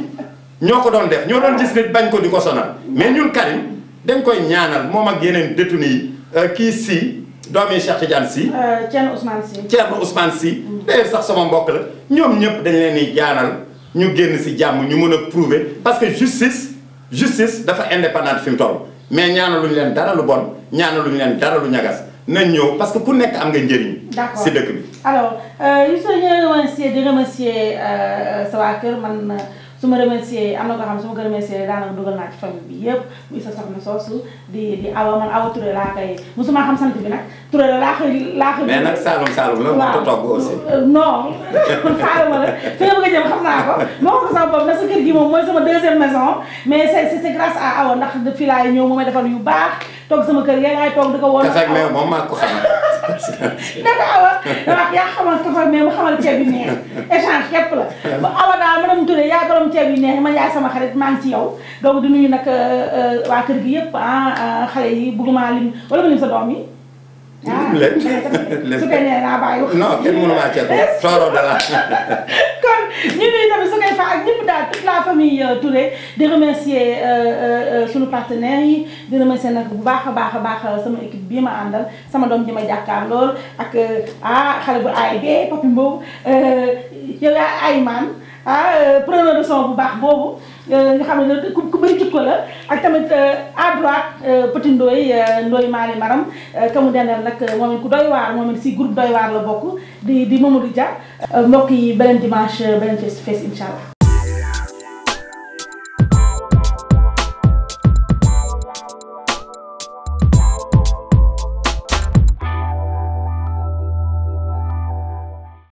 S2: ñoo ko doon def ñoo doon gis nit bañ ko di ko sonal mais ñun Karim. dañ koy ñaanal moom ak yeneen détenu yi euh, kii si doomi Cheikh Tidiane si.
S1: Euh, Thierno Ousmane si.
S2: Thierno si. Mm. d'ailleurs sax sama mbokk la ñoom ñëpp dañ leen di ñaanal ñu génn si jàmm ñu mën a prouver parce que justice justice dafa indépendante fi mu toll mais ñaanaluñ leen dara lu bon ñaanaluñ leen dara lu ñagas. nañ ñëw parce que ku nekk am nga njëriñ.
S1: d'accord si dëkk bi. alors Youssou ñu ngi remercier di remercier euh, sa waa kër man. su ma remercier am na koo xam ne su ma ko remercier daanaka dugal naa ci famille bi yëpp muy sa soxna soosu di di awa man awa Touré laa koy musuma xam sant bi nag Touré la laa koy laa koy. la moo ko togg aussi. Euh, non Saalum la fi nga bëgg a jëm xam naa ko moo sa kër gi moom mooy sama deuxième maison mais c'est c'est grâce à awa ndax fii ñëw moom may defal yu baax. toog sama kër yaay laay toog di ko woon. kafe ak meew
S2: moom ko xamal. naka
S1: awa wax yaa xamal kafe ak meew mu xamal ceeb yu neex échange képp yaa borom ceeb yu ma man yaay sama xarit maa ngi ci yow. donc di nag euh, euh, waa kër gi yëpp ah, ah xale yi bëgguma lim wala ma lim sa doom yi.
S2: Ah, lépp su ko nee
S1: naa bàyyi wax. non kenn mënu maa ceeb sooro dala kon ñu ngi tamit su koy fa ak ñëpp daal toute la famille Touré di remercier sunu partenaires yi di remercier nag bu baax a baax a baax sama équipe bii ma àndal sama doom ji ma jàkkaar lool ak ah xale bu aay bee papi mboobu yow ay maan ah preneur de son bu baax boobu. Euh, nga xam ne ku bëri jikko la ak tamit euh, à droite euh, petit Ndoye Ndoye Mali Maram ka dendal nag moom it ku doy waar moom it si groupe doy waar la bokk di di Mamadou Dia mbokk yi beneen dimanche beneen face to face